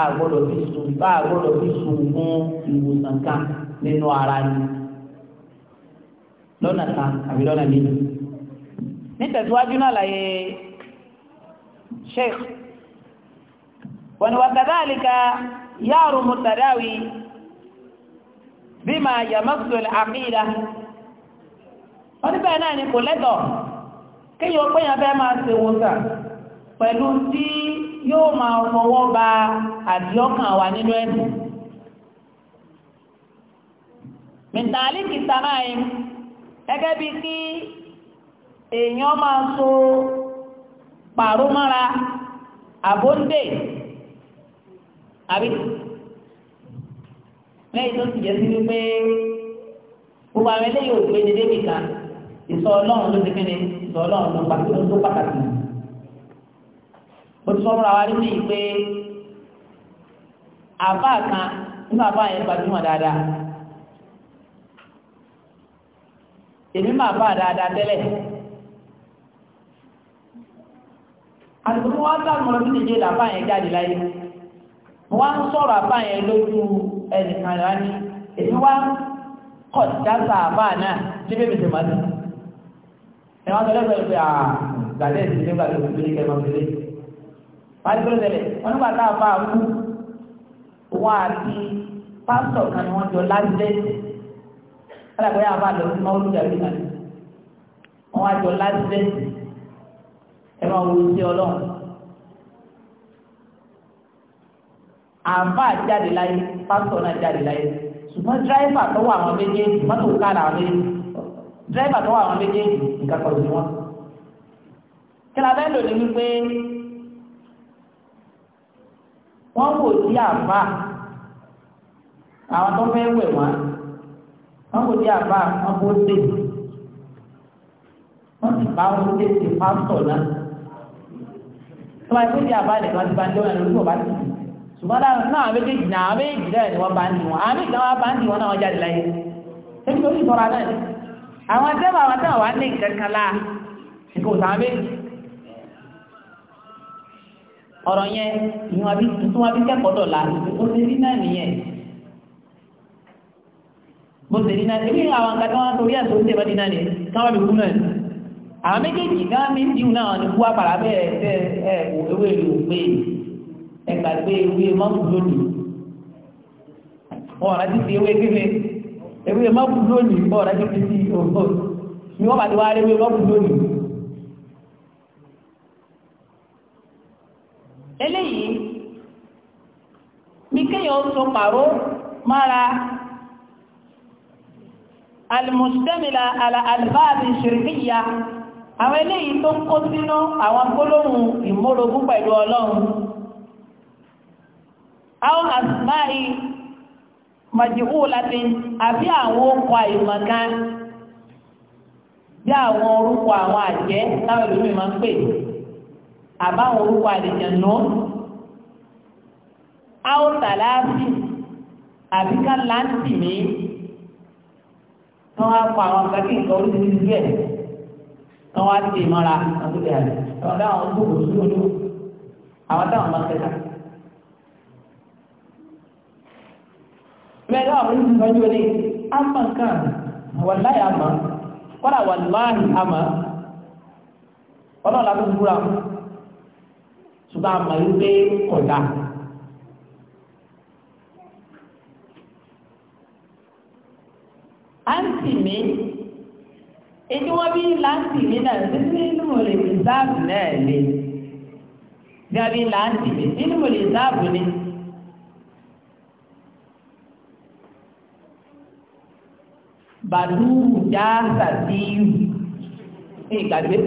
àgbọ̀dọ̀ fi sùn bá àgbọ̀dọ̀ fi sùn fún ìwòsàn kan nínú ara lọ́nà kan àbí lọ́nà méjì nítẹ̀síwájú náà láyé sheikh wọ́n ni wàkàdáàlìkà yáàrù mùtàdáwì bí máa yàmọ́sù àkídà wọ́n ní bẹ́ẹ̀ náà ni kò lẹ́tọ̀ kéèyàn péyàn fẹ́ máa ṣe wòsàn pẹ̀lú tí yóò máa fọwọ́ ba àdìọ́kàn wa nínú ẹ̀sìn mìtàlíkì sàmáyé gẹ́gẹ́ bí kí èèyàn máa so pàró mára àbóńdè àbí lẹ́yìn tó ti jẹ́ sí wípé gbogbo àwọn eléyìí ò gbé ní débi kan ìsọ ọlọ́run ló ti kéde ìsọ ọlọ́run ló pàtó ló pàtàkì mo ti sọ fúnra wa níbi pé àbá kan nínú àbá yẹn gbajúmọ̀ dáadáa. èmi máa bá dáadáa tẹ́lẹ̀ àtùkù wọ́n sàmọ́ sí ìjẹ́ ìlàpá yẹn jáde láyé wọ́n ń sọ̀rọ̀ àpá yẹn lójú ẹnìkan rẹ̀ ní èmi wá kọ̀ dáta àpá náà tí bébì tẹ̀ máa dùn ẹ̀wọ́n tọ́lẹ̀ sọ̀rọ̀ pé àgbàdẹ́ ìsìn nígbà tó fi lé kẹmọ́ sílé wọ́n ti tẹ́lẹ̀ wọ́n nígbà tá a fa àkú wọn àti pásítọ̀ kan ni wọ́n jọ láti dẹ́sẹ̀ alábẹ́ yà bá lọ sí máa olùdarí àbí nàní wọn wá jọ láti bẹ́ẹ̀ ẹ máa wo sí ọlọ́run àǹfà jáde láyé pásítọ̀ náà jáde láyé ṣùgbọ́n dírẹ́fà tó wà àwọn méjèèjì mọ́tò kára àwọn méjèèjì dírẹ́fà tó wà àwọn méjèèjì nǹkan kan sí wọn. kílábẹ́ lò ní wípé wọ́n kò sí àǹfà àwọn tó fẹ́ wẹ̀ wọ́n wọn kò dé àbá wọn kò dé wọn sì bá wọn dé sí pásítọ̀ náà tọ́wọ́ ìpínlẹ̀ àbá lẹ̀ wọn ti bá ń dẹ́wọ̀n lórí bọ̀ bá ti ṣùgbọ́n láwọn náà méjèèjì náà àwọn méjèèjì náà ni wọ́n bá ń dì wọ́n àwọn méjèèjì náà bá ń dì wọ́n náà wọ́n jáde láyé ebi tó ti sọ̀rọ̀ náà àwọn tẹ́wọ̀ àwọn tẹ́wọ̀ wá ní kankan láà nǹkan òsàn ọ̀rọ̀ yẹn ìwọ̀n bí tuntun wọn bí kẹ́kọ̀ọ́ dọ̀la ìdókòtò bó ṣe ní náà ebí àwọn nǹkan tí wọ́n torí àti oúnjẹ bá dínà ní káwọn lùkú náà àwọn méjèèjì ká méjì náà ní kú àpàrà bẹ́ẹ̀ ẹ ewé rẹ̀ ò pé ẹgbà pé ewé mọ́kù lónìí wọn rántí sí ewé kéfé ewé mọ́kù lónìí wọn rántí sí sí òǹkó ni wọ́n bá ti wá rí ewé mọ́kù lónìí. eléyìí ní kéèyàn sọ pàró mára alìmùsùtẹ́mìlà alàbáàbì ṣìrìkìyà àwọn eléyìí tó kó sínú àwọn gbólóhùn ìmórogún pẹ̀lú ọlọ́run àwọn àsìmáì màjìkú latin àbí àwọn okọ̀ àìmọ̀kan bí àwọn orúkọ àwọn àjẹ́ táwọn ìlú mi máa ń pè àbáwọn orúkọ àlejànú àwọn tàlàáfì àbíkà láǹtì mi wọ́n wá kọ àwọn kàkí nǹkan oríṣiríṣi díẹ̀ wọ́n wá ti mọ́ra àtúntẹ̀ àti àwọn táwọn ń gbòòrò sí ojú àwọn táwọn máa tẹ̀ka. bẹ́ẹ̀ kọ́lá ama ọlọ́ọ̀lá tó ń búra ṣùgbọ́n yìí pé àǹtì mi ètí wọ́n bí láǹtì mi náà sí nínú rẹ̀ rìsáàbù náà lé gàbí láǹtì mi nínú rìsáàbù ni. bàdúù já sàtìyù ní ìgbàgbé.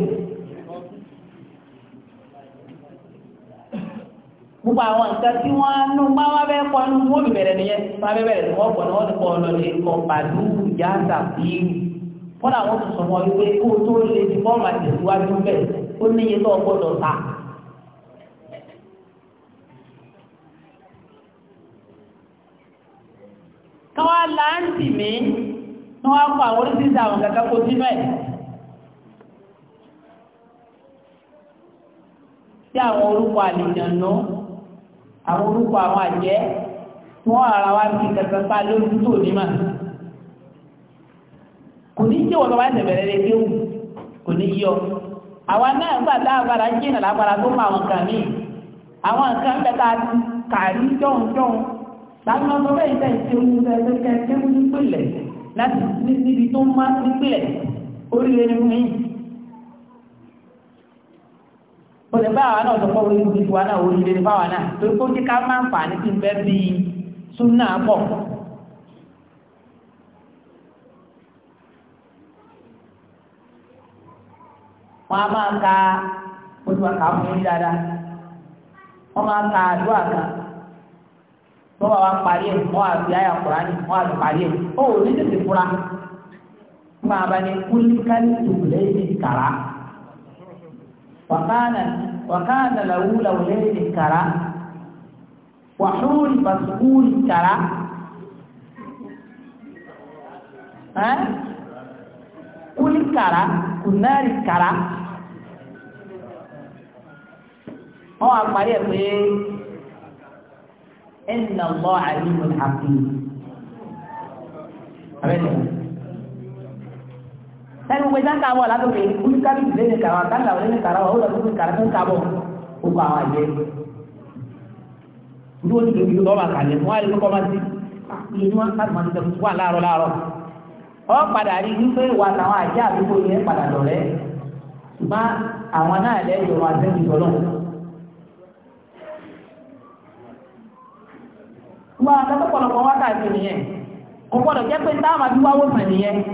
gbogbo àwọn nǹkan tí wọ́n nú bá wá bẹ́ kọ́ nú wọ́n bẹ̀rẹ̀ nìyẹn bá bẹ́ bẹ̀rẹ̀ nìwọ́n pọ̀ náà nípa ọ̀nà lè kọ́ pàdú ìyá àtàkì fọ́nà àwọn tó sọ̀rọ̀ wípé kó o tó lè di bọ́ọ̀mù àtẹ̀síwájú bẹ́ẹ̀ ó níye tó ọgbọ́dọ̀ ta. káwá láǹtì mi ni wọ́n á kọ́ àwọn oríṣiríṣi àwọn kankan kó sínú ẹ̀. sí àwọn orúkọ àlejò náà àwọn orúkọ àwọn àjẹ́ wọ́n ara wa ti kẹsàn pa lórí tó ní mà kò ní jẹ́ wọ́n bá ẹsẹ̀ bẹ̀rẹ̀ rẹ̀ kéwù kò ní yọ àwa náà gbà tá a gbára jìnnà lágbára tó mọ àwọn nǹkan míì àwọn nǹkan bẹ́ẹ̀ kàrí jọ̀hún jọ̀hún láti lọ sọ bẹ́ẹ̀ ìta ìṣerú ẹgbẹ́ kéwù láti níbi tó má nípìnlẹ̀ oríire ni fún ó ti báwa náà sọ pé orí ibi tiwa náà orí ilé báwa náà torí pé ó ti ká máa ń fà ní ti bẹ́ bí súnà pọ̀. wọ́n á máa ka oṣù àkàfún yín dáadáa wọ́n máa ka àdúrà kan tó bá wa parí ẹ̀ wọ́n á àyà kura ni wọ́n á parí ẹ̀ ó ní tètè fura. Fún àbá ni kúlíkálí tòun kàrá. وقال وكان له لولين كرا وحور مسؤول كرا ها كل كرى كنار كرا هو àparí ẹ̀ إن الله عليم حكيم abẹ́lẹ̀ sẹ́ni gbogbo ìjà ń kàbọ̀ látòkè kúrúkárì ìdílé ní kàrà kárà òlé ní kàrà òlé ní kàrà tó ń kàbọ̀ gbogbo àwọn àjẹ́ ìdúró ní kìí lọ́ bá kàlẹ̀ wọ́n á lè kọ́ bá sí ilé ní wọ́n ká tìmọ̀ tìtẹ̀ wà láàárọ̀ láàárọ̀ ọ padà rí wípé ìwà àtàwọn àjẹ́ àdúgbò yẹn padà dọ̀rẹ́ ṣùgbọ́n àwọn náà lẹ́yìn ọ̀rọ̀ àtẹ́jú tọ́lọ́ gbogbo àwọn akẹ́kọ̀ọ́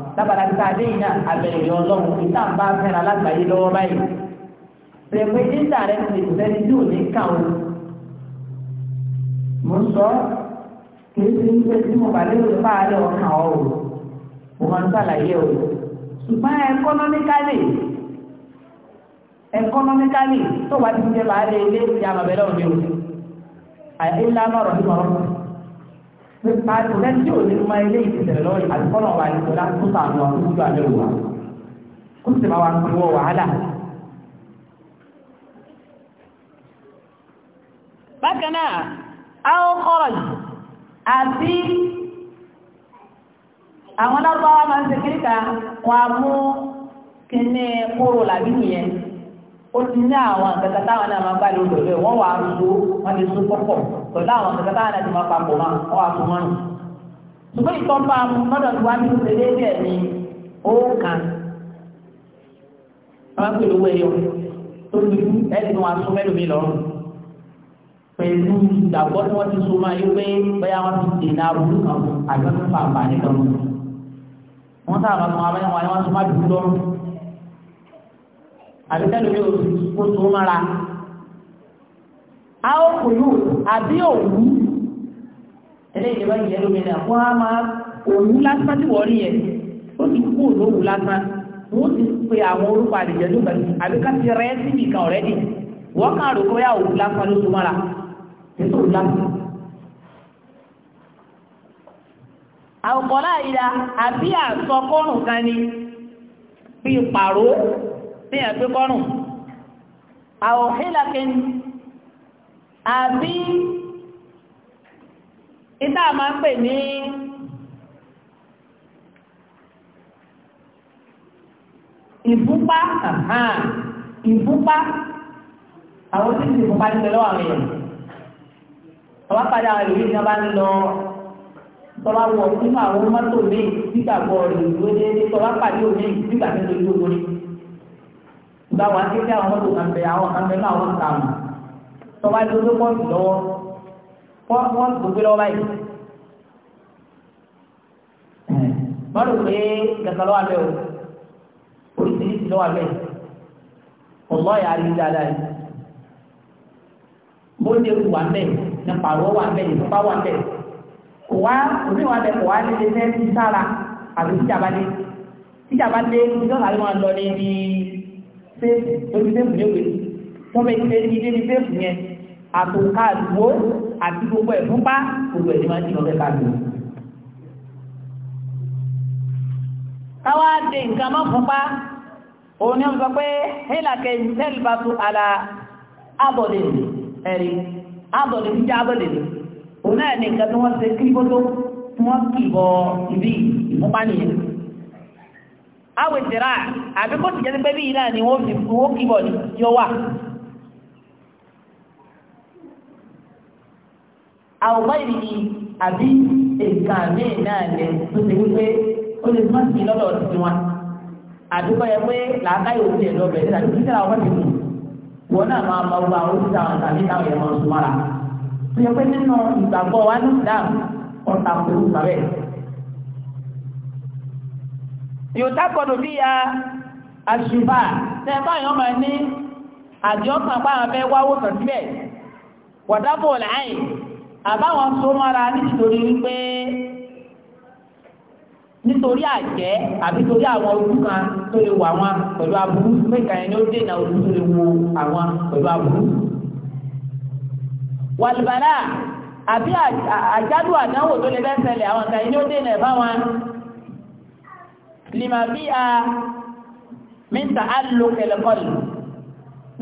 lábàrá tí a dé yìí náà abẹ́rẹ́ ìyọ́ ọlọ́run ìta ń bá fẹ́ra lágbàáyé lọ́wọ́ báyìí pẹ̀lẹ́pẹ́ dídà rẹ̀ ti sẹ́ni tí ò ní kà ó. mo ń sọ kí n ti ń pẹ́ tí mo bá lérò nípa àárẹ̀ ọkàn ọ̀ o mo máa ń sàlàyé o ṣùgbọ́n ẹkọ́nọ́míkálì ẹkọ́nọ́míkálì tó wà ti jẹ́ bàárẹ̀ ilé ìyá àmàbẹ́lẹ́ òde o àìlá náà rọ̀ nípa ọ̀rọ̀ nípa ìrẹsì òní ma ilé ìtẹ̀lẹ̀ lọ́wọ́ àtìkọ́nà wa ìtọ́ láti tó sàánú wa tó dúdú àlẹ́ wa kó sì máa wá pín wọ wàhálà. bákan náà àwọn kọ́rọ̀ yìí àti àwọn lárúbáwá máa ń ṣe kíríkà wọn mú kíní kóró làbí nìyẹn. ó ti ní àwọn nǹkan táwọn náà máa bá lò wọ́n wà á so wọ́n lè pọ̀pọ̀ pẹ̀lú àwọn nǹkan táwọn náà ti máa papọ̀ wọn wọ́n wà á so mọ́nu. ṣùgbọ́n ìtọ́ bá lọ́dọ̀ tí wàá nínú wọ́n á pè lówó ẹyọ tó ń dúdú ẹ̀sìn wọn aṣọ lọ́rùn. pẹ̀lú tí wọ́n ti máa yí pé wọ́n ti àbí tẹ́lu yóò kó tó mára a ó kùlù àbí òwú tẹ́lẹ̀ ìjọba ìyẹn lómi náà wọ́n á máa òwú lásán tí wọ́n rí yẹn ó ti kú òwú lásán wọ́n ti pe àwọn orúkọ àdìjẹ́ ló bẹ̀rẹ̀ àbí ká ti rẹ́ síbi kan ọ̀rẹ́dì wọ́n kàn rò kóyà òwú lásán ló tó mára ètò òwú lásán. àwòkọ́ láyìí la àbí àsọkọ́rùn kan ni bíi téèyàn gbé kọ́rùn àwòhílàkín àbí ìta máa ń pè ní ìfúnpá ìfúnpá àwọn tí ìsìnkú bá ń tẹ̀lé àwọn èèyàn ọba padà àwọn ìlú ìjọba bá ń lọ tọ́ba wọ̀ fún àwọn mọ́tò míì nígbàgbọ́ rẹ̀ lóde tọ́ba pàdé òmíì nígbà tó lójú orí gba wà sí kí àwọn mọ́tò kan bẹ àwọn kan bẹ náà wọ́n tààmù tọ́ba ló gbé pọ́ọ̀tù lọ́wọ́ pọ́ọ̀tù tó gbé lọ́wọ́ báyìí mọ́tò pé gàkà lọ́wọ́ abẹ́ o oríṣiríṣi lọ́wọ́ abẹ́ ọ̀lọ́ yà á rí dáadáa yìí bó ṣe wù wà bẹ́ẹ̀ nípa àwọ̀ wà bẹ́ẹ̀ nípa wà bẹ́ẹ̀ kò wá òbí wà bẹ́ẹ̀ kò wá ní ṣe fẹ́ ti sára àbí fèèfì lórí fèèfì ní òwe wọ́n fẹ́ ṣe ilé ní fèèfì yẹn àtòkà àdúgbò àti gbogbo ẹ̀fúnpá gbogbo ẹ̀ ní máa ń jìnnà fẹ́ káàkiri. káwá de nǹkan mọ́ fúnpá òun ni wọ́n sọ pé hélàkẹ́ ìtẹ́lìbàtú àlà ábọ̀dẹ̀ ẹ̀rí ábọ̀dẹ̀ jíjá ábọ̀dẹ̀ òun náà ní nǹkan tí wọ́n ṣe kíríkótó tí wọ́n kì bọ ìbí ìfúnpá nìyẹn awo ìsirà àbí kó ti jẹ́ pé bí iná ni wọ́n fi owó kíbọ̀ ni yóò wà. àwòmọ́ ìrìnnì àbí nǹkan míì náà lẹ̀ tó ti wípé ó lè má sí lọ́dọ̀ sí wọn. àbí kọ́ yẹ pé làákàyè òfin ẹ̀ lọ́bẹ̀ nígbà tí kíkẹ́ àwọn ti kù wọn náà máa ma wọ àwọn oṣù àwọn tàbí táwọn yẹn máa sùn mọ́ra. tó yẹ pé nínú ìgbàgbọ́ wa ní ìdáàmú ọ̀tà kò yòókàkọ̀dù bí ya àṣùbà tẹ́ẹ̀bá ọmọ máa ní àjọ́kàn báwọn fẹ́ wáwó sàn síbẹ̀ wọ̀dábọ̀ láàyè àbáwọn tó mọ́ra nítorí wípé nítorí àjẹ́ àbí torí àwọn ojú kan tó lè wọ wọn pẹ̀lú aburú mẹ́ka ẹni ó dènà ojú tó lè àwọn pẹ̀lú aburú wàlùbàlà àbí àjálù lima bí a mínta àlò kẹlẹkọlù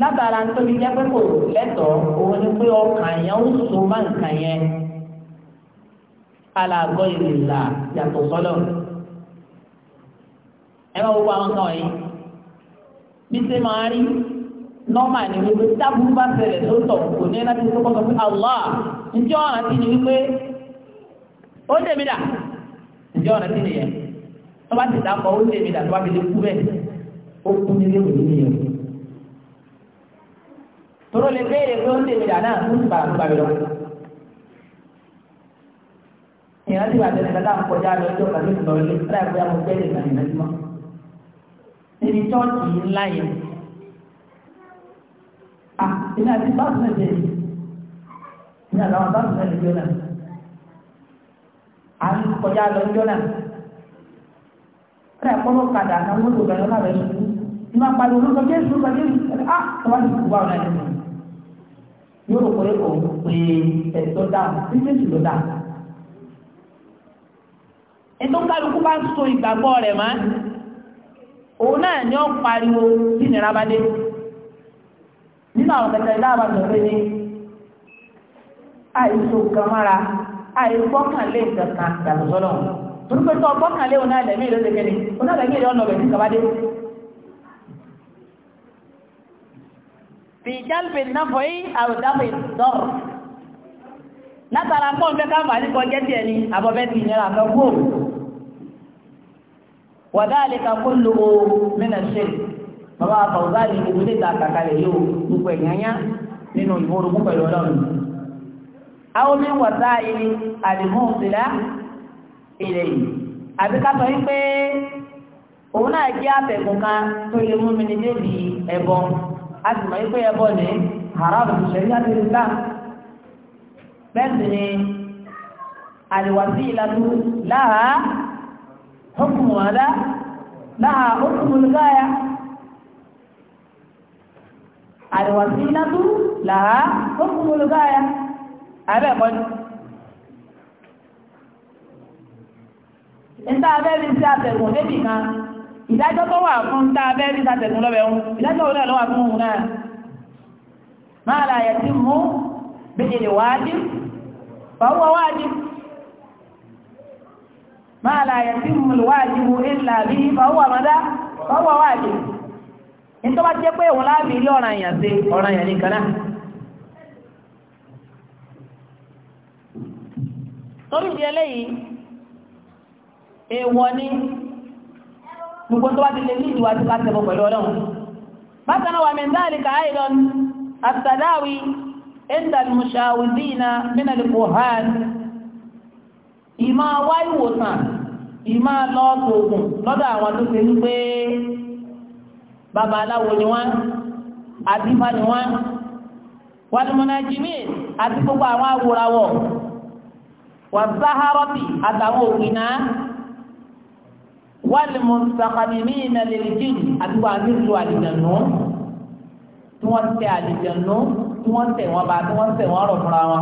látara tó fi jẹ́ pé kò lẹ́tọ̀ọ́ òun ni pé ọkàn yẹn ó so má nǹkan yẹn alàgọ́ ìrìnlá yàtọ̀ sọ́lọ̀ ẹ bá gbogbo àwọn kan yìí bí ṣe máa rí nọ́ọ̀mà ni wípé tábùú bá ṣẹlẹ̀ tó tọ̀ kò ní láti tó kọ́ sọ pé Allah ǹjẹ́ ọ̀ràn ti ni wípé ó dèmi dà ǹjẹ́ ọ̀ràn ti nìyẹn tó bá ti dàpọ̀ ó lè mi dà tó bá fi lè kú bẹ́ẹ̀ ó kú nílé òní nìyẹn tóró lè béèrè pé ó lè mi dà náà ó sì bàrà tó bá mi lọ. ìrántí wà tẹ̀lé kátà ń kọjá lọ ọjọ́ kan tó ti lọ ilé láì pé àwọn bẹ́ẹ̀ lè nà ìrántí mọ́. níbi tọ́ọ̀tì ńlá yẹn ah ìní àti báàsì náà tẹ̀lé ìní àtàwọn báàsì náà tẹ̀lé náà à ń kọjá lọ rẹ̀ kọ́lọ́ padà kan ló tó bẹ̀rẹ̀ náà rẹ̀ ṣubú ní máa pariwo lórúkọ jésù lórúkọ jésù ẹni ah! á tọ́wá ti kú báwọn ẹni mọ̀ yóò rò pé òun pé ẹ̀tọ́ dáhùn tí jésù ló dáhùn. ètò kálukú bá so ìgbàgbọ́ rẹ̀ mọ́ òun náà ni ó pariwo sí ìnira bá dé nínú àwọn kẹta ìdáàbà tó pé ní àìsàn àìgbọ́kànlé ìtẹ̀kàn ìdàgbàsọ́lọ́run torípé tó ọgbọ́kànlé òun náà lẹ́mí ìlú lẹ́kẹ́lẹ́ òun náà lẹ́mí ìlú ọ̀nà ọ̀bẹ̀ tí kàbádé fi jálùpẹ̀ náà fọ́ yí àrùdápẹ̀ dọ́rọ̀ látara pọ́n fẹ́ káàmà ní kọjẹ́ tí ẹni àbọ̀bẹ́ ti yẹra fẹ́ kó wàdáàlẹ́ ka kó lo o mẹ́nà ṣe bàbá àfọ̀gbá ní ìlú níta àkàkalẹ̀ yóò gbogbo ẹ̀yányá nínú ìmúrugún pẹ̀lú ọlọ́run àwọn mi wàtáà yìí àdìmọ́ òṣèlá ilẹ̀ yìí àbí ká sọ wípé òun náà jẹ́ àtẹ̀gùn kan tó lè mú mi ní débi ẹbọ a sì mọ̀ wípé ẹbọ ní haram ṣẹ̀rí àti ìlúgbà bẹ́ẹ̀ sì ni àlèwàsí ìlànà láha hukumu ọ̀dá láha hukumu lùgáyà àlèwàsí ìlànà láha hukumu lùgáyà àbẹ́ẹ̀kọ́ níta abẹ́rí sí àtẹ̀gùn débì kan ìdájọ́ tó wà fún níta abẹ́rí sí àtẹ̀gùn lọ́bẹ̀ wọn ìdájọ́ òun náà lọ́wọ́ fún òun náà máa la yẹ ti mú bèèrè wáájú fàwọn wáájú máa la yẹ ti mú wáájú ìlà bí fàwọn àmọ́dá fàwọn wáájú nítorí wá jẹ́ pé òun láàbí ilé ọ̀ràn èèyàn sí ọ̀ràn èèyàn nìkan náà torí ìdí eléyìí èèwọ̀ ni gbogbo tó wá ti lè ní ìwà tí láti ẹbọ pẹ̀lú ọlọ́run bákan náà wà mẹ́ndáàlì káàìlọ́n àtàdáwì ẹ̀ndàlùmùsàwùdínà mínàlùkùhán ìmá wá ìwòsàn ìmá lọ́ọ̀tòògùn lọ́dọ̀ àwọn tó ṣe wípé babaláwo ni wọ́n àdìfá ni wọ́n wàlùmọ̀nà jimmy àti gbogbo àwọn awòrawọ̀ wà sáhárọ́tì àtàwọn òwìnà na والمستقدمين للجن أدوا مثل الجنة توسع الجنة توسع وبعد توسع ورب راوا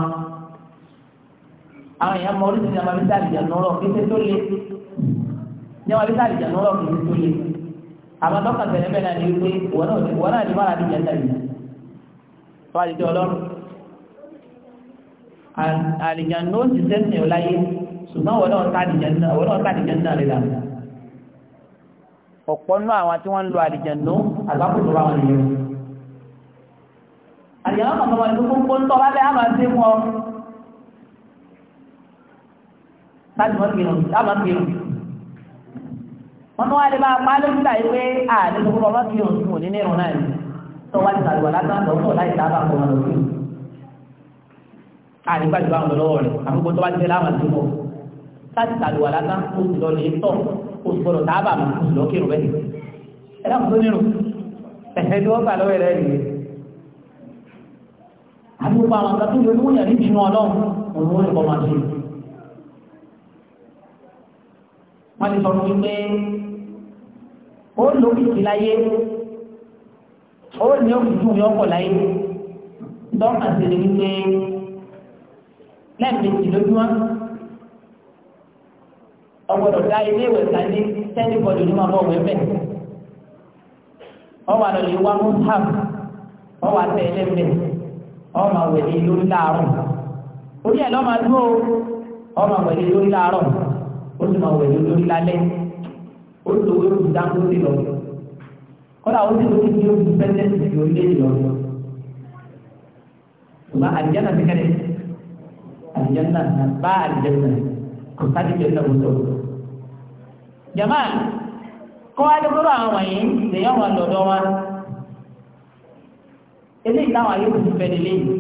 àwọn èèyàn mọ oríṣiríṣi àwọn abisá àlìjànú rọ kí ṣe tó le ní àwọn abisá àlìjànú rọ kí ṣe tó le àwọn dọ́kà tẹ̀lé bẹ́ẹ̀ náà ní wípé wọ́n náà ní wọ́n àdìjẹ ń tàbí wọ́n àdìjẹ ọlọ́run àlìjànú ó sì sẹ́sìn ọ̀láyé ṣùgbọ́n wọ́n náà tàdìjẹ náà rẹ̀ làwọn ọ̀pọ̀ nú àwọn tí wọ́n ń lo àlìjẹ̀nú àgbákòtò bá wọn lè lò. àlìjẹ̀nú kan tọmọ ìlú kúńkó ń tọ́ bá bẹ́ẹ̀ á máa dé fún ọ. láti wọ́n kìlọ̀ láwọn kìlọ̀. wọ́n tún wá lè bá a pa lójú láyé pé àlè tó kúrò ọmọ kìlọ̀ tún òní ní ìrùn náà ni tó wá ti sàlùwà látàn lọ́sọ̀ láì sábà kọ́ wọn láti tàlù wà látà kó sì lọ lè tọ̀ kó sì gbọdọ̀ tábà mọ̀ kó sì lọ kírun bẹ́ẹ̀ ẹ dákun tó nírun ẹ̀ẹ́ tí wọ́n gbà lọ́wọ́ rẹ̀ rèé àti gbogbo àwọn nǹkan tó yẹ kí wọ́n yà ní ìbínú ọlọ́run òun ó lè kọ́ máa ṣe wọ́n ti sọ fún mi pé ó lò kìkì láyé ó ní òkùnkùn yọ ọkọ̀ láyé dọ́kà sí ni wípé lẹ́ẹ̀mejì lójúmọ́ ọgbọ́dọ̀ dá ilé ìwẹ̀ kan ní tẹ́lifọ̀dù ní máa bọ̀ wẹ́ bẹ̀. ọwọ́ àlọ́lẹ̀ wá mú táp ọwọ́ àtẹ ilé bẹ̀ ọwọ́ máa wẹ̀ ní lórí láàárọ̀. orí ẹ̀ lọ́ máa dúró ọwọ́ máa wẹ̀ ní lórí láàárọ̀ ó sì máa wẹ̀ ní lórí lálẹ́ ó sì lówó oṣù dáńgó sí lọ. kọ́lá ó sì ló ti di oṣù pẹ́sẹ́ǹtì tó lé lọ. ṣùgbọ́n àdìjẹ́ náà ti kẹ́lẹ́ àdìjẹ́ náà bá àdìjẹ́ náà kò sáré jẹ́ náà mọ́tò jama kọ́ adébúrò àwọn wọ̀nyí lèyàn wọn lọ́dọ̀ wa eléyìí táwọn ayé kò fẹ́ lélẹ̀ yìí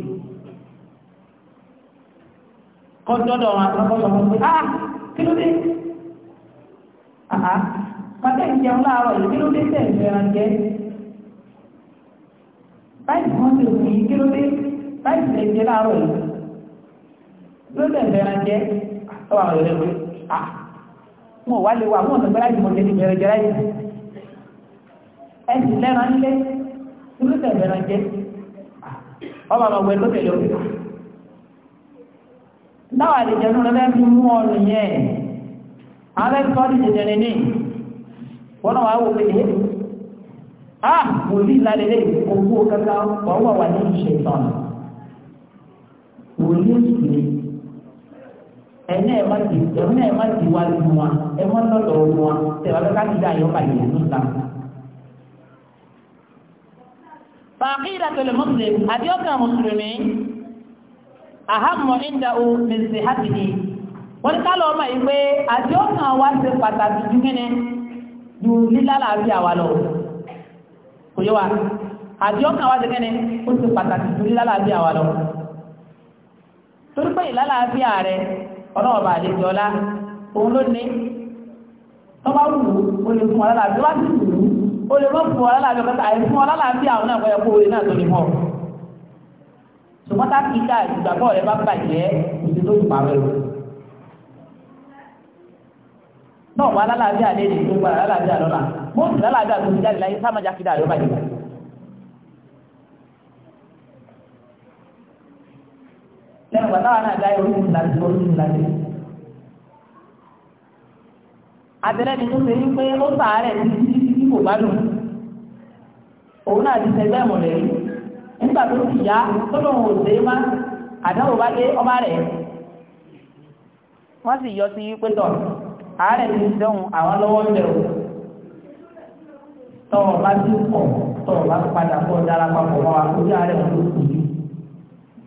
kọ́ dọ́dọ̀ wọn àkọ́kọ́ sọ fún mi ah kí ló dé àhá pàtẹ́ ìjẹun láàárọ̀ yìí kí ló dé tẹ̀ ìfẹ́ràn jẹ́ báyìí wọ́n ti rìn yìí kí ló dé báyìí tẹ̀ ìjẹ láàárọ̀ yìí ló tẹ̀ ìfẹ́ràn jẹ́ ọ̀rọ̀ rẹ̀ ah wọn wá lè wà wọn ọ̀sán gbẹ́láyìí mọ̀ tẹ́lẹ̀ bẹ̀rẹ̀ jẹ́rẹ́ yìí ẹ̀sìn lẹ́ran lé irúfẹ́ bẹ̀rẹ̀ jẹ́ ọba àmọ̀gbẹ́ tó tẹ̀lé òkè dáwà àlejẹ̀nu rẹ̀ fi mú ọ̀nù yẹn àwọn ẹ̀sìn kọ́ ní jẹjẹrẹ ní wọn náà wà wò pé a wò ní ìlànà ilé owó kankan wọn wà wà ní ìṣẹ̀tàn wò ní ìṣẹ̀tàn ẹ̀yin ẹ̀ má ti ẹ̀yin ẹ̀ má ti wá lu wọn ẹ̀ má lọ́dọ̀ wọn tẹ̀wá bẹ́ẹ̀ ká ti dá àyọ̀ká yìí ní ìlà. Fàákì ìdàtọ̀lẹ̀ mùsùlùmí àdéhùkà mùsùlùmí àhámọ̀ ìdá o mèsì hàtìdì. Wọ́n ní kálọ̀ ọmọ yìí pé àdéhùkà wa ṣe pàtàkì ju kíni ju lílálàáfíà wa lọ. Kò yẹ wa àdéhùkà wa ṣe kíni ó ṣe pàtàkì ju lílálàáfíà wa lọ. Torí pé ìlálàáfíà rẹ̀ ọlọ́wọ́ bá lè jọlá òun ló ní tó bá wù ó lè fún ọlọ́lá tó bá sì wù ó lè mọ́ fún ọlọ́lá tó bá àyè fún ọlọ́lá bí àwọn náà orin náà tó lè mọ́ ṣùgbọ́n tá kí ká ìgbàgbọ́ rẹ bá bàjẹ́ ìdí tó dùn pàmò náà wà lálàáfíà lè ní gbogbo àlàáfíà lálàáfíà tó ti ìgbà táwọn náà láyé orí ìlà sí orí ìlà sí. àtẹlẹ́ni tó ṣe wípé ó sàárẹ̀ títí tí kò bá lò òun náà ti sẹgbẹ́ ìmọ̀lẹ́ rí nígbà tó ti yá tó ọba rẹ̀ wọ́n si yọ ti dẹ́hùn àwọn lọ́wọ́ ń bẹ̀rù tọ́wọ́ bá ti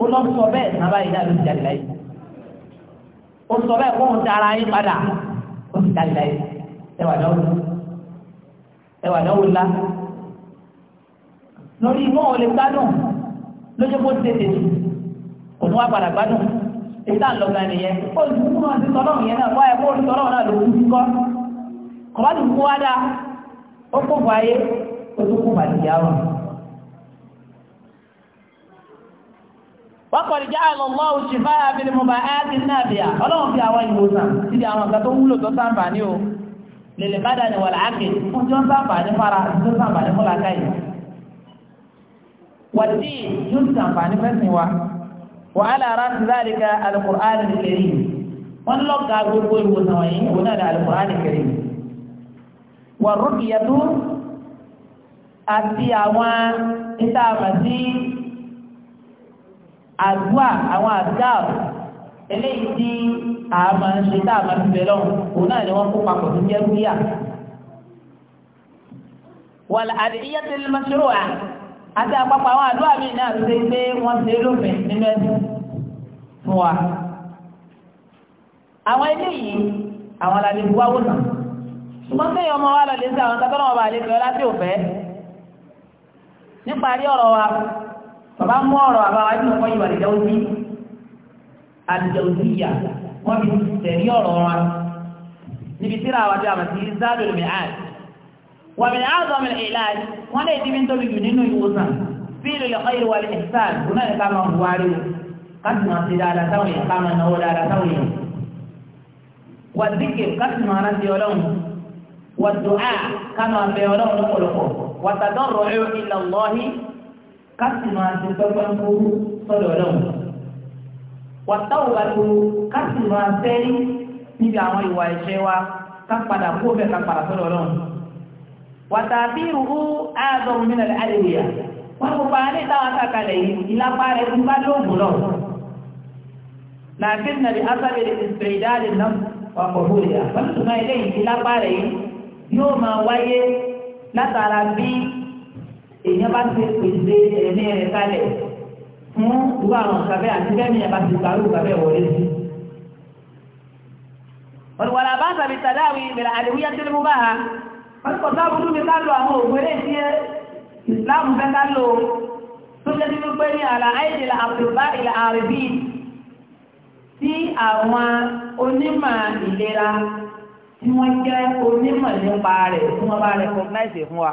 ó lọ sọ bẹ́ẹ̀ sábà yìí náà ló ti jáde láyé ó sọ bẹ́ẹ̀ kó ń tara yín padà ó ti jáde láyé ẹwà náwó ẹwà náwó ńlá lórí mọ́ ò lè gbádùn lójú kó tètè kò ní wá padà gbádùn èyí tá à ń lọ gan nìyẹn ó ti kú náà ti sọ̀rọ̀ yẹn náà wáyé kó o ti sọ̀rọ̀ náà ló kú kíkọ́ kọ̀ọ̀bá ti kú wá dáa ó kó fún ayé ó tún kó fún àtìyá wọ́pọ̀lì jẹ́ àlọ́lọ́ òṣìfà àbílẹ̀mọba áàdì náà bíà ọlọ́run fi àwọn ìwòsàn síbi àwọn ọ̀gá tó wúlò tó sáàbà ní o lèlè bá dání wà láàkè fún tí wọ́n sáàbà ní fara tó sáàbà ní fúnra káyì wàtí gbogbo ìwòsàn wọ̀nyí òun náà alukur'an kiri wà rúkìyàtú àti àwọn ìtààmà sí àdúà àwọn àdáà eléyìí tí a máa ń ṣe táà máa ń bẹ lọ́wọ́ òun náà ni wọ́n kó papọ̀ tó jẹ́ rúyà wàlá àdìyẹ́ tó lè mọ́ṣúrò à àti àpapọ̀ àwọn àdúà mi náà ṣe pé wọ́n ṣe lófin nínú ẹ̀sìn fún wa àwọn eléyìí àwọn alàbí buwá wò náà ṣùgbọ́n tẹ́yìn ọmọ wa lọ lè ṣe àwọn tọ́kọ́ náà wà lè fẹ́ ọlá tí ò fẹ́ níparí ọ̀rọ̀ wa bàbá mú ọ̀rọ̀ àbáwá tí wọ́n yìí wà lẹ́jọ́ sí àlùjọ́sí yà wọ́n fi tẹ̀lé ọ̀rọ̀ wa níbi tíra àwọn àjọ àmàtí zádò lè mìíràn wọ́n mi àádọ́ mi ìlàjì wọ́n lè dín mi tóbi jù nínú ìwòsàn bí ìlú lè kọ́ ìwà lè ṣáà kó náà lè ká máa wà o káàtì máa dáadáa táwọn èèyàn ká náwó dáadáa táwọn èèyàn wà díkè káàtì máa rántí ọlọ́run wà dùn á ká máa ọlọ́run lọ́pọ̀lọpọ̀ wà tàdọ́rọ̀ ẹ̀ káàsì máa ti pẹ́pẹ́ ń kú sọ́dọ̀ ọlọ́run wàtáwò bá tó káàsì máa sẹ́rí níbi àwọn ìwà ẹ̀ṣẹ̀ wa ká padà kó bẹ́ẹ̀ ká padà sọ́dọ̀ ọlọ́run wàtàbí ìrùkú àádọ́rùn mí nàlẹ́ àdéhùyà wọ́n kó pa alẹ́ táwọn àtàkàlẹ̀ yìí ìlápá rẹ̀ ń bá lóògùn lọ làákín nàlẹ́ asábẹ̀rẹ̀ ìsìnkìrìdáàlì náà wà pọ̀ lórí à pẹ̀lú tùmọ̀ ilé yìí ìlápá yìí yóò máa wáyé látara bíi èèyàn bá ti pèsè ẹ̀mí rẹ̀ kalẹ̀ fún irú àwọn nǹkan bẹ́ẹ̀ àti bẹ́ẹ̀ ni ẹ̀ bá ti gbàrú nǹkan bẹ́ẹ̀ wọlé sí. wàlúwàlà bá sàbí tàdáwì ìbẹ̀rẹ̀ àdéhùyá tó lè mú bá a wọ́n ti kọ̀ sáà búdú mi ká lo àwọn òògùn eré tí ìsìláàmù fẹ́ ká lo tó jẹ́ nínú pé ní àlà àìdè la àpèbá ìlà àrèbí tí àwọn onímọ̀ ìlera tí wọ́n jẹ́ onímọ̀ nípa rẹ̀ tí wọ́n bá rẹ̀ kọ́ńtáìsì fún wa.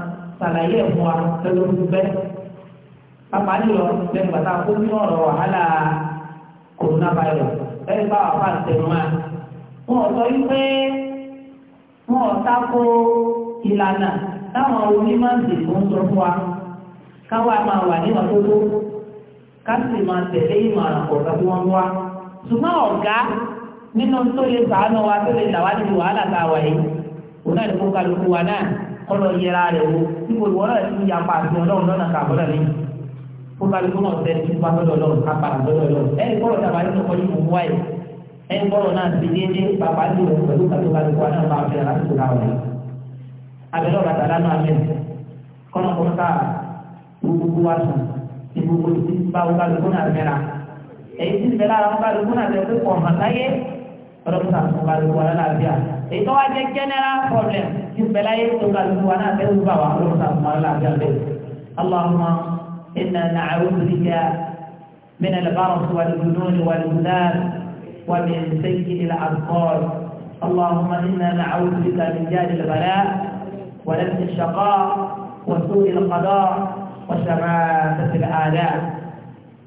ṣàlàyé ẹ̀fún wa lọ́dún tó bẹ́ pápá jùlọ lẹ́nu bàtà kó ní ọ̀rọ̀ wàhálà kòrónà virus ẹni bá wà fáà tẹ̀lé máa wọn ò sọ wípé wọn ò tako ìlànà táwọn onímọ̀ ìdìbò ń sọ fún wa káwa máa wà níwọ̀n tó tó ká sì máa tẹ̀lé ìmọ̀ràn ọ̀gá tí wọ́n wá ṣùgbọ́n ọ̀gá nínú tó lè sàánú wa tó lè là wá níbi wàhálà tá a wà yìí òun náà lè kọlọ yẹra rẹ̀ wo níbo ìwọ náà ti ń yapa àti ọlọ́run lọ́nà kàbọ́dọ̀ ní kó bá lóko náà fẹ́ tí wọ́n lọ́dọ̀ lọ́run ká padà lọ́dọ̀ lọ́run ẹni kọ́rọ̀ náà bá yẹ kọ́ ní òun wáyé ẹni kọ́rọ̀ náà ti déédéé bàbá ní òun pẹ̀lú kàtó kàtó wa náà máa fẹ́ra láti kóra wọn. abẹ́rẹ́ ọ̀gá tàdá náà mẹ́ kọ́nà kọ́nà ká gbogbo wa sùn ní gbogbo ti bá wọn kálukú náà mẹ́ra èyí ti bẹ̀rẹ̀ àwọn kálukú náà lẹ́kọ̀ọ́ hàn láyé ọlọ́pàá fún kálukú wa lálàáfíà èyí tó wá jẹ́ جبلين تقال وانا تقول بابا رمضان ما لا جلبي اللهم إنا نعوذ بك من الغرس والجنون والمدار ومن سيء الأبطال اللهم إنا نعوذ بك من جال البلاء ولبس الشقاء وسوء القضاء وشماسة الأعداء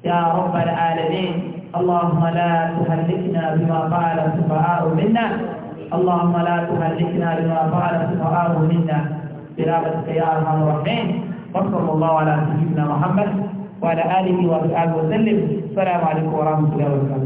يا رب العالمين اللهم لا تهلكنا بما قال السفهاء منا اللهم لا تهلكنا بما فعل السفهاء منا برحمتك يا ارحم الراحمين وصلى الله على سيدنا محمد وعلى اله وصحبه وسلم السلام عليكم ورحمه الله وبركاته